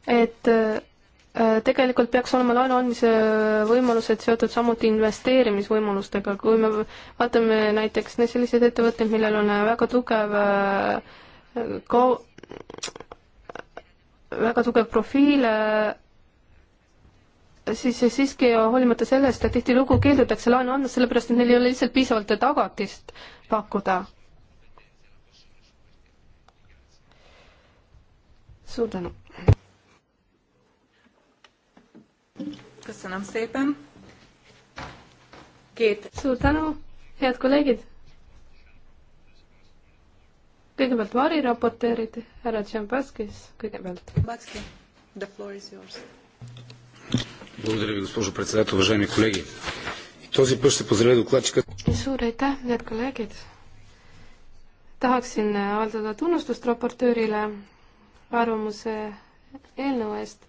et äh, Äh, tegelikult peaks olema laenu andmise äh, võimalused seotud samuti investeerimisvõimalustega, kui me vaatame näiteks selliseid ettevõtteid, millel on äh, väga tugev ko-, väga tugev profiil, siis siiski hoolimata sellest, et tihtilugu keeldutakse laenu andmast, sellepärast et neil ei ole lihtsalt piisavalt tagatist pakkuda. suur tänu köszönöm szépen. Két. Suur tänu, head kolleegid. kõigepealt variraporteerid, härra Tšambaskis kõigepealt. The floor is yours. Благодаря ви, госпожо председател, уважаеми колеги. Този път ще поздравя докладчика. Suur aitäh, head kolleegid. Tahaksin avaldada tunnustust raportöörile arvamuse eelnõu eest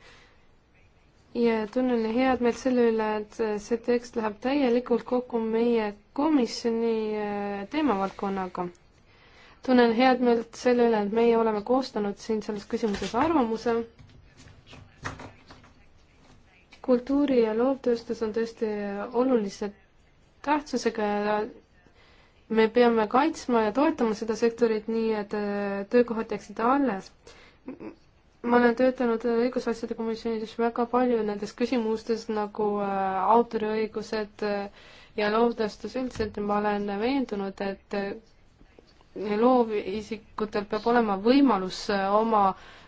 ja tunnen head meelt selle üle, et see tekst läheb täielikult kokku meie komisjoni äh, teemavaldkonnaga. tunnen head meelt selle üle, et meie oleme koostanud siin selles küsimuses arvamuse kultuuri- ja loovtööstus on tõesti olulise tähtsusega ja me peame kaitsma ja toetama seda sektorit nii, et äh, töökohad jääksid alles ma olen töötanud õigusasjade komisjonides väga palju nendes küsimustes nagu äh, autoriõigused äh, ja loovtööstus üldiselt ja ma olen veendunud, et äh, loovisikutel peab olema võimalus oma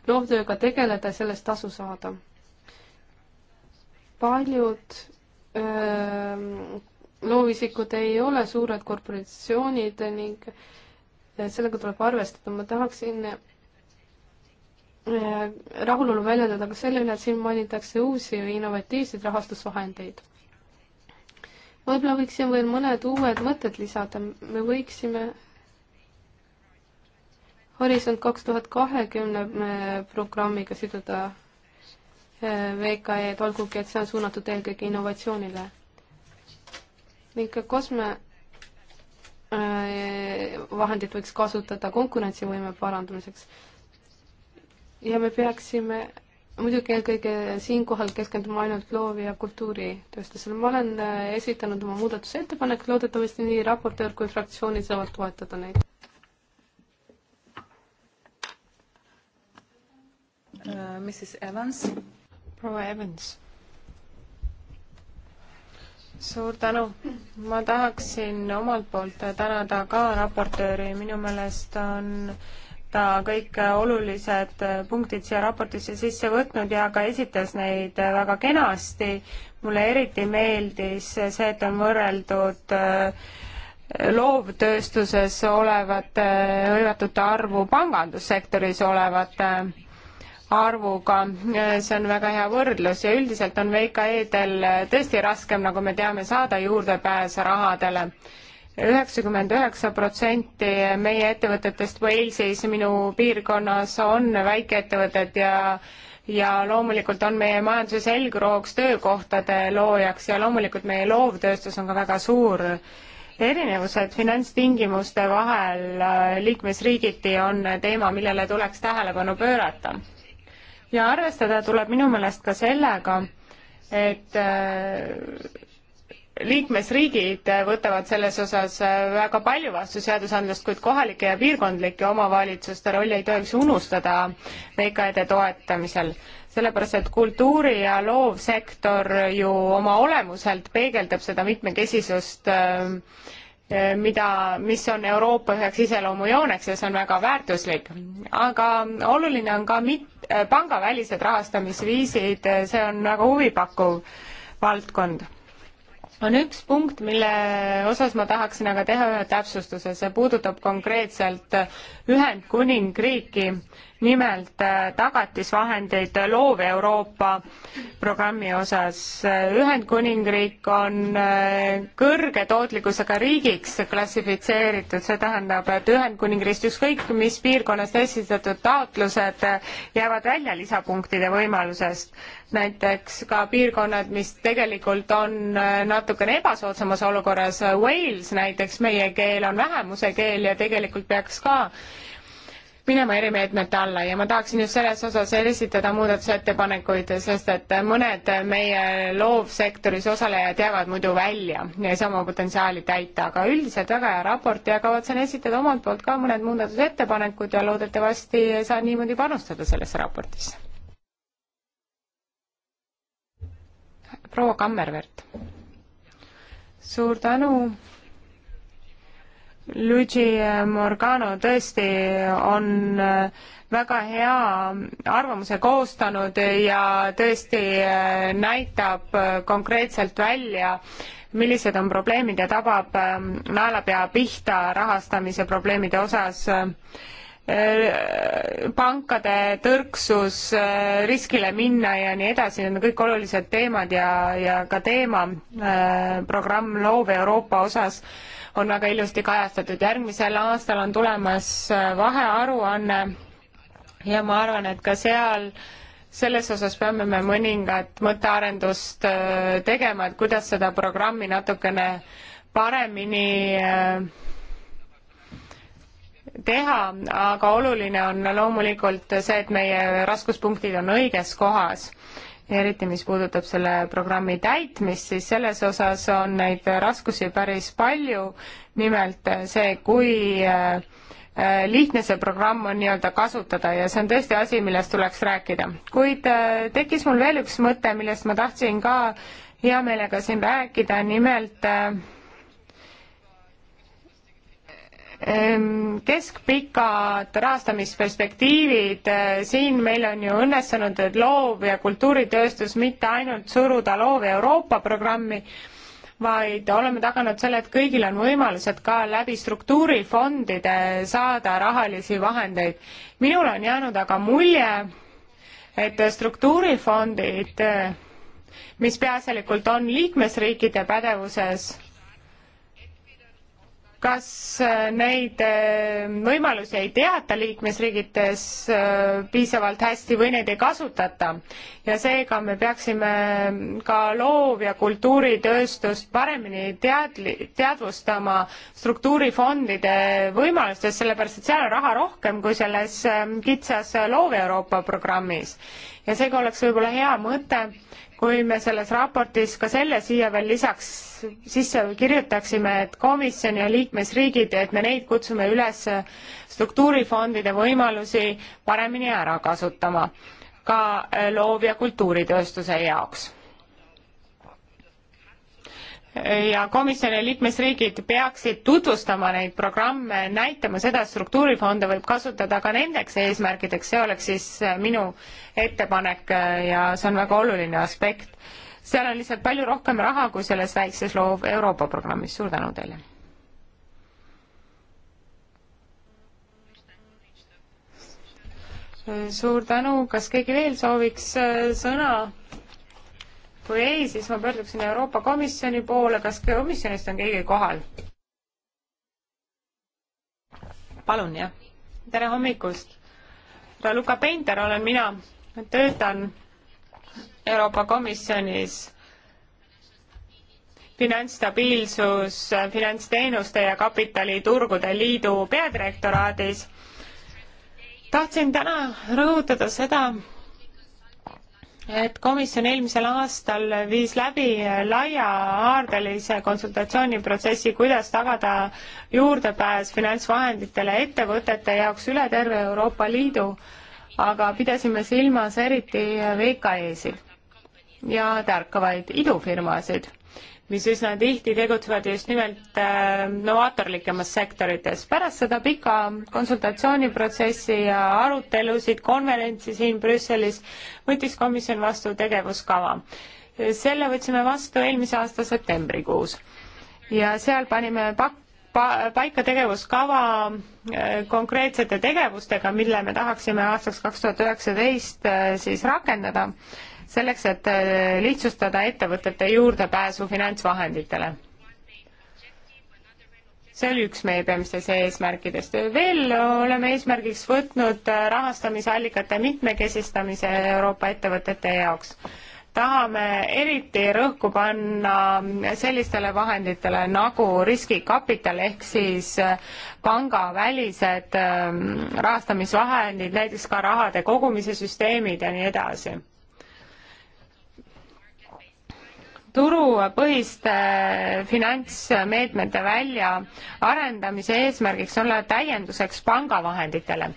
loovtööga tegeleda ja selle eest tasu saada. paljud öö, ähm, loovisikud ei ole suured korporatsioonid ning sellega tuleb arvestada, ma tahaksin Äh, rahulolu väljendada ka selle üle, et siin mainitakse uusi innovatiivseid rahastusvahendeid. võib-olla võiksin veel mõned uued mõtted lisada, me võiksime Horisont kaks tuhat kahekümne äh, programmiga siduda äh, VKE-d, olgugi et see on suunatud eelkõige innovatsioonile. ning kosme vahendit võiks kasutada konkurentsivõime parandamiseks ja me peaksime muidugi eelkõige siinkohal keskenduma ainult loovi- ja kultuuritööstusele. ma olen äh, esitanud oma muudatusettepanek, loodetavasti nii raportöör kui fraktsioonid saavad toetada neid. Äh, Mrs Evans. proua Evans. suur tänu. ma tahaksin omalt poolt tänada ka raportööri, minu meelest on äh, ta kõik olulised punktid siia raportisse sisse võtnud ja ka esitas neid väga kenasti. mulle eriti meeldis see, et on võrreldud äh, loovtööstuses olevate äh, hõivatute arvu pangandussektoris olevate äh, arvuga, see on väga hea võrdlus ja üldiselt on VKE-del tõesti raskem, nagu me teame, saada juurdepääse rahadele üheksakümmend üheksa protsenti meie ettevõtetest Walesis, minu piirkonnas, on väikeettevõtted ja ja loomulikult on meie majanduse selgrooks töökohtade loojaks ja loomulikult meie loovtööstus on ka väga suur. erinevused finantstingimuste vahel äh, liikmesriigiti on teema, millele tuleks tähelepanu pöörata. ja arvestada tuleb minu meelest ka sellega, et äh, liikmesriigid võtavad selles osas äh, väga palju vastu seadusandlust, kuid kohalike ja piirkondlike omavalitsuste rolli ei tohiks unustada VKD toetamisel. sellepärast, et kultuuri- ja loovsektor ju oma olemuselt peegeldab seda mitmekesisust, äh, äh, mida, mis on Euroopa üheks iseloomujooneks ja see on väga väärtuslik. aga oluline on ka mit-, pangavälised rahastamisviisid, see on väga huvipakkuv valdkond on üks punkt, mille osas ma tahaksin aga teha ühe täpsustuse, see puudutab konkreetselt Ühendkuningriiki nimelt äh, tagatisvahendeid loov Euroopa programmi osas. Ühendkuningriik on äh, kõrge tootlikkusega riigiks klassifitseeritud, see tähendab, et Ühendkuningriigist ükskõik mis piirkonnast esitatud taotlused jäävad välja lisapunktide võimalusest. näiteks ka piirkonnad, mis tegelikult on äh, natukene ebasoodsamas olukorras, Wales näiteks, meie keel on vähemuse keel ja tegelikult peaks ka minema erimeetmete alla ja ma tahaksin just selles osas esitada muudatusettepanekuid, sest et mõned meie loovsektoris osalejad jäävad muidu välja ja ei saa oma potentsiaali täita, aga üldiselt väga hea raport ja kavatsen esitada omalt poolt ka mõned muudatusettepanekud ja loodetavasti saan niimoodi panustada sellesse raportisse. proua Kammervert. suur tänu Luigi Morgano tõesti on äh, väga hea arvamuse koostanud ja tõesti äh, näitab äh, konkreetselt välja, millised on probleemid ja tabab naelapea pihta rahastamise probleemide osas pankade tõrksus, riskile minna ja nii edasi, need on kõik olulised teemad ja, ja ka teema, programm Loov Euroopa osas on väga ilusti kajastatud. järgmisel aastal on tulemas äh, vahearuanne ja ma arvan, et ka seal selles osas peame me mõningat mõttearendust äh, tegema, et kuidas seda programmi natukene paremini äh, teha, aga oluline on loomulikult see, et meie raskuspunktid on õiges kohas eriti mis puudutab selle programmi täitmist, siis selles osas on neid raskusi päris palju. nimelt eh, see, kui eh, eh, lihtne see programm on nii-öelda kasutada ja see on tõesti asi, millest tuleks rääkida. kuid tekkis mul veel üks mõte, millest ma tahtsin ka hea meelega siin rääkida, nimelt äh, Ehm, keskpikad rahastamisperspektiivid, eh, siin meil on ju õnnestunud loov- ja kultuuritööstus mitte ainult suruda loov Euroopa programmi, vaid oleme taganud selle, et kõigil on võimalused ka läbi struktuurifondide saada rahalisi vahendeid. minul on jäänud aga mulje, et struktuurifondid, eh, mis peaasjalikult on liikmesriikide pädevuses, kas äh, neid äh, võimalusi ei teata liikmesriigites äh, piisavalt hästi või neid ei kasutata. ja seega me peaksime ka loov- ja kultuuritööstust paremini teadli-, teadvustama struktuurifondide võimalustest, sellepärast et seal on raha rohkem kui selles kitsas Loov Euroopa programmis ja seega oleks võib-olla hea mõte, kui me selles raportis ka selle siia veel lisaks sisse kirjutaksime, et komisjon ja liikmesriigid, et me neid kutsume üles struktuurifondide võimalusi paremini ära kasutama ka loov- ja kultuuritööstuse jaoks ja komisjoni liikmesriigid peaksid tutvustama neid programme, näitama seda, et struktuurifonde võib kasutada ka nendeks eesmärkideks, see oleks siis äh, minu ettepanek äh, ja see on väga oluline aspekt. seal on lihtsalt palju rohkem raha kui selles väikses loov Euroopa programmis, suur tänu teile. suur tänu, kas keegi veel sooviks äh, sõna? kui ei, siis ma pöörduksin Euroopa Komisjoni poole, kas komisjonist on keegi kohal? palun, jah. tere hommikust! Raluka Painter olen mina, töötan Euroopa Komisjonis finantsstabiilsus, finantsteenuste ja kapitaliturgude liidu peadirektoraadis. tahtsin täna rõhutada seda, et komisjon eelmisel aastal viis läbi laiahaardelise konsultatsiooniprotsessi, kuidas tagada juurdepääs finantsvahenditele ettevõtete jaoks üle terve Euroopa Liidu, aga pidasime silmas eriti VKE-sid ja tärkavaid idufirmasid mis üsna tihti tegutsevad just nimelt äh, novaatorlikemas sektorites. pärast seda pika konsultatsiooniprotsessi ja arutelusid konverentsi siin Brüsselis võttis komisjon vastu tegevuskava. selle võtsime vastu eelmise aasta septembrikuus ja seal panime pakk pa-, paika tegevuskava äh, konkreetsete tegevustega, mille me tahaksime aastaks kaks tuhat üheksateist äh, siis rakendada selleks, et äh, lihtsustada ettevõtete juurdepääsu finantsvahenditele. see oli üks meie peamistest eesmärkidest. veel oleme eesmärgiks võtnud äh, rahastamisallikate mitmekesistamise Euroopa ettevõtete jaoks tahame eriti rõhku panna sellistele vahenditele nagu riskikapital ehk siis äh, pangavälised ähm, rahastamisvahendid, näiteks ka rahade kogumise süsteemid ja nii edasi. turupõhiste finantsmeetmete väljaarendamise eesmärgiks olla täienduseks pangavahenditele,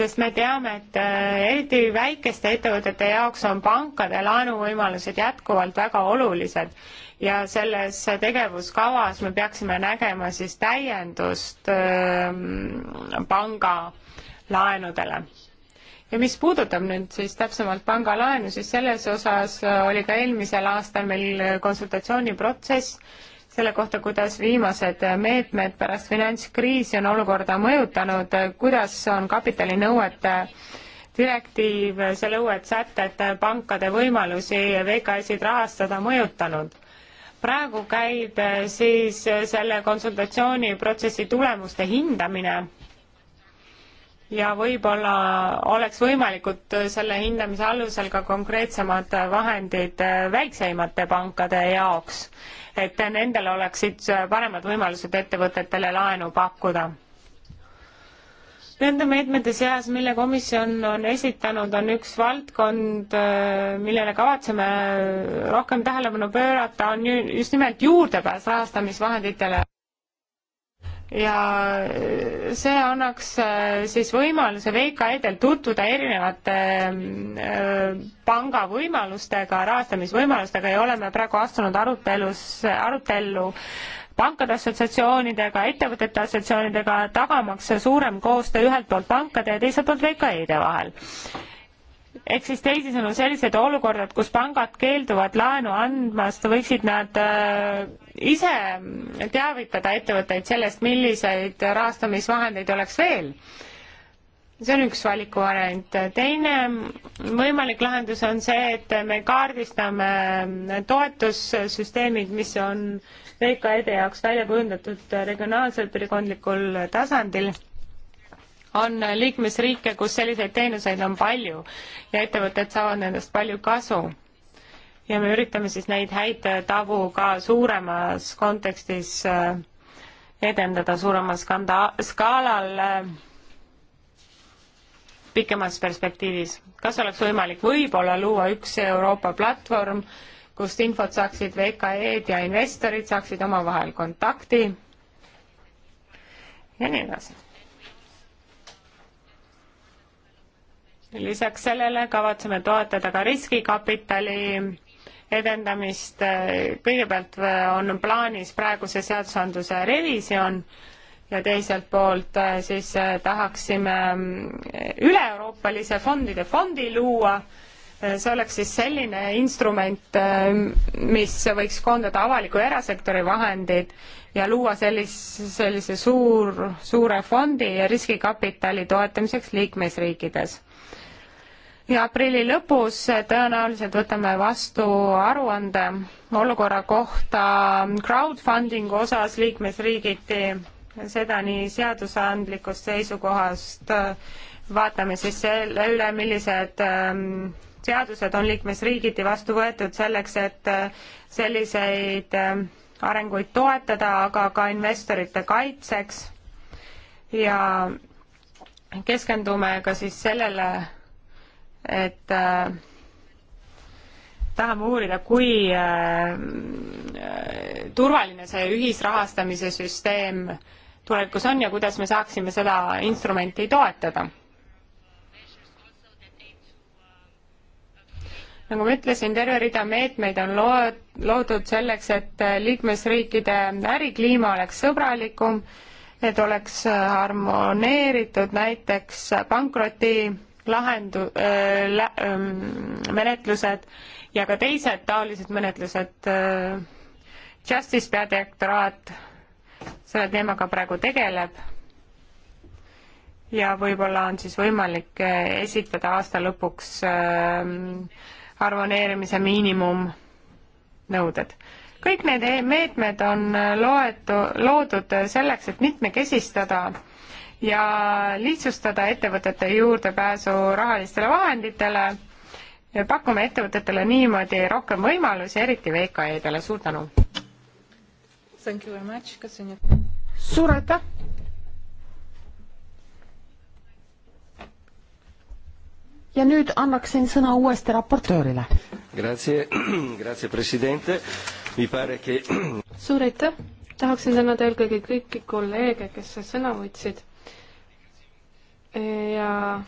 sest me teame, et äh, eriti väikeste ettevõtete jaoks on pankade laenuvõimalused jätkuvalt väga olulised ja selles tegevuskavas me peaksime nägema siis täiendust ähm, panga laenudele ja mis puudutab nüüd siis täpsemalt pangalaenu, siis selles osas äh, oli ka eelmisel aastal meil konsultatsiooniprotsess selle kohta, kuidas viimased äh, meetmed pärast finantskriisi on olukorda mõjutanud, äh, kuidas on kapitalinõuete direktiiv, selle uued sätted pankade võimalusi VKS-id rahastada mõjutanud. praegu käib siis selle konsultatsiooniprotsessi tulemuste hindamine ja võib-olla oleks võimalikud selle hindamise alusel ka konkreetsemad vahendid väikseimate pankade jaoks, et nendel oleksid paremad võimalused ettevõtetele laenu pakkuda. Nende meetmete seas, mille komisjon on esitanud, on üks valdkond, millele kavatseme rohkem tähelepanu pöörata, on just nimelt juurdepääs rahastamisvahenditele ja see annaks äh, siis võimaluse VKE-del tutvuda erinevate äh, panga võimalustega, rahastamisvõimalustega ja oleme praegu astunud arutelus, arutellu pankade assotsiatsioonidega, ettevõtete assotsiatsioonidega, tagamaks suurem koostöö ühelt poolt pankade ja teiselt poolt VKE-de vahel ehk siis teisisõnu sellised olukorrad, kus pangad keelduvad laenu andmast, võiksid nad äh, ise teavitada ettevõtteid sellest, milliseid rahastamisvahendeid oleks veel. see on üks valikuvariant. teine võimalik lahendus on see, et me kaardistame toetussüsteemid, mis on VKD jaoks välja kujundatud regionaalsel piirkondlikul tasandil on liikmesriike, kus selliseid teenuseid on palju ja ettevõtted saavad nendest palju kasu. ja me üritame siis neid häid tavu ka suuremas kontekstis äh, edendada suuremal skanda-, skaalal äh, pikemas perspektiivis. kas oleks võimalik võib-olla luua üks Euroopa platvorm, kust infot saaksid VKE-d ja investorid saaksid omavahel kontakti ja nii edasi lisaks sellele kavatseme toetada ka riskikapitali edendamist, kõigepealt on plaanis praeguse seadusandluse revisjon ja teiselt poolt äh, siis äh, tahaksime mm, üle-euroopalise fondide fondi luua, äh, see oleks siis selline instrument, mis võiks koondada avaliku ja erasektori vahendid ja luua sellise, sellise suur, suure fondi riskikapitali toetamiseks liikmesriikides ja aprilli lõpus tõenäoliselt võtame vastu aruande olukorra kohta crowdfundingu osas liikmesriigiti, seda nii seadusandlikust seisukohast, vaatame siis selle üle, millised ähm, seadused on liikmesriigiti vastu võetud selleks, et äh, selliseid ähm, arenguid toetada, aga ka investorite kaitseks ja keskendume ka siis sellele, et äh, tahame uurida, kui äh, turvaline see ühisrahastamise süsteem tulevikus on ja kuidas me saaksime seda instrumenti toetada. nagu ma ütlesin, terve rida meetmeid on loo-, loodud selleks, et liikmesriikide ärikliima oleks sõbralikum, et oleks harmoneeritud näiteks pankroti lahendu- äh,, lä- äh,, menetlused ja ka teised taolised menetlused äh,. Justice peadirektoraat selle teemaga praegu tegeleb ja võib-olla on siis võimalik äh, esitada aasta lõpuks äh, harmoneerimise miinimumnõuded. kõik need e-, meetmed on äh, loetu, loodud selleks, et mitmekesistada äh, ja lihtsustada ettevõtete juurdepääsu rahalistele vahenditele. pakume ettevõtetele niimoodi rohkem võimalusi, eriti VKE-dele. suur tänu! suur aitäh! ja nüüd annaksin sõna uuesti raportöörile. Che... suur aitäh, tahaksin tänada eelkõige kõiki kolleege, kes sõna võtsid ja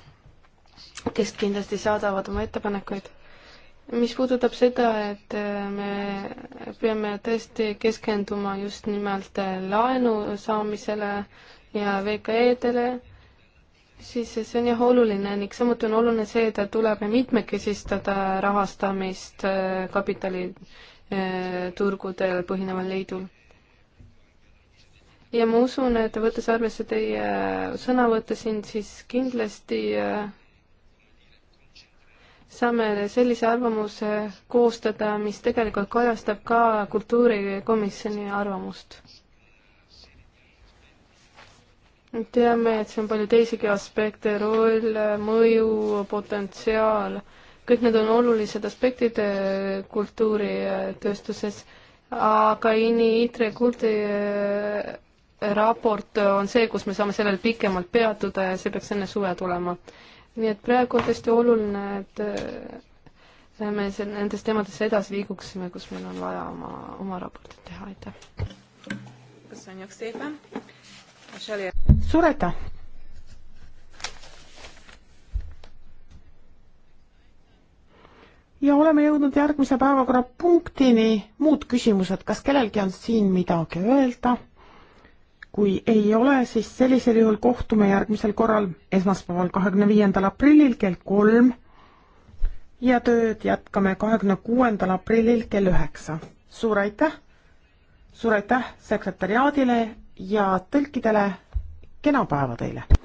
kes kindlasti saadavad oma ettepanekuid. mis puudutab seda, et äh, me peame tõesti keskenduma just nimelt äh, laenu saamisele ja VKE-dele, siis see on jah oluline ning samuti on oluline see, et tuleb mitmekesistada rahastamist äh, kapitaliturgudel põhineval leidul ja ma usun, et võttes arvesse teie sõnavõtte siin, siis kindlasti äh, saame sellise arvamuse koostada, mis tegelikult kajastab ka kultuurikomisjoni arvamust. teame, et see on palju teisigi aspekte, roll, mõju, potentsiaal, kõik need on olulised aspektid äh, kultuuritööstuses, aga INI, ITRE, kulti äh, raport on see, kus me saame sellel pikemalt peatuda ja see peaks enne suve tulema. nii et praegu on tõesti oluline, et äh, me nendes teemades edasi liiguksime, kus meil on vaja oma, oma raportit teha, aitäh. suur aitäh! ja oleme jõudnud järgmise päevakorrapunktini, muud küsimused, kas kellelgi on siin midagi öelda? kui ei ole, siis sellisel juhul kohtume järgmisel korral esmaspäeval, kahekümne viiendal aprillil kell kolm ja tööd jätkame kahekümne kuuendal aprillil kell üheksa. suur aitäh, suur aitäh sekretäriaadile ja tõlkidele, kena päeva teile!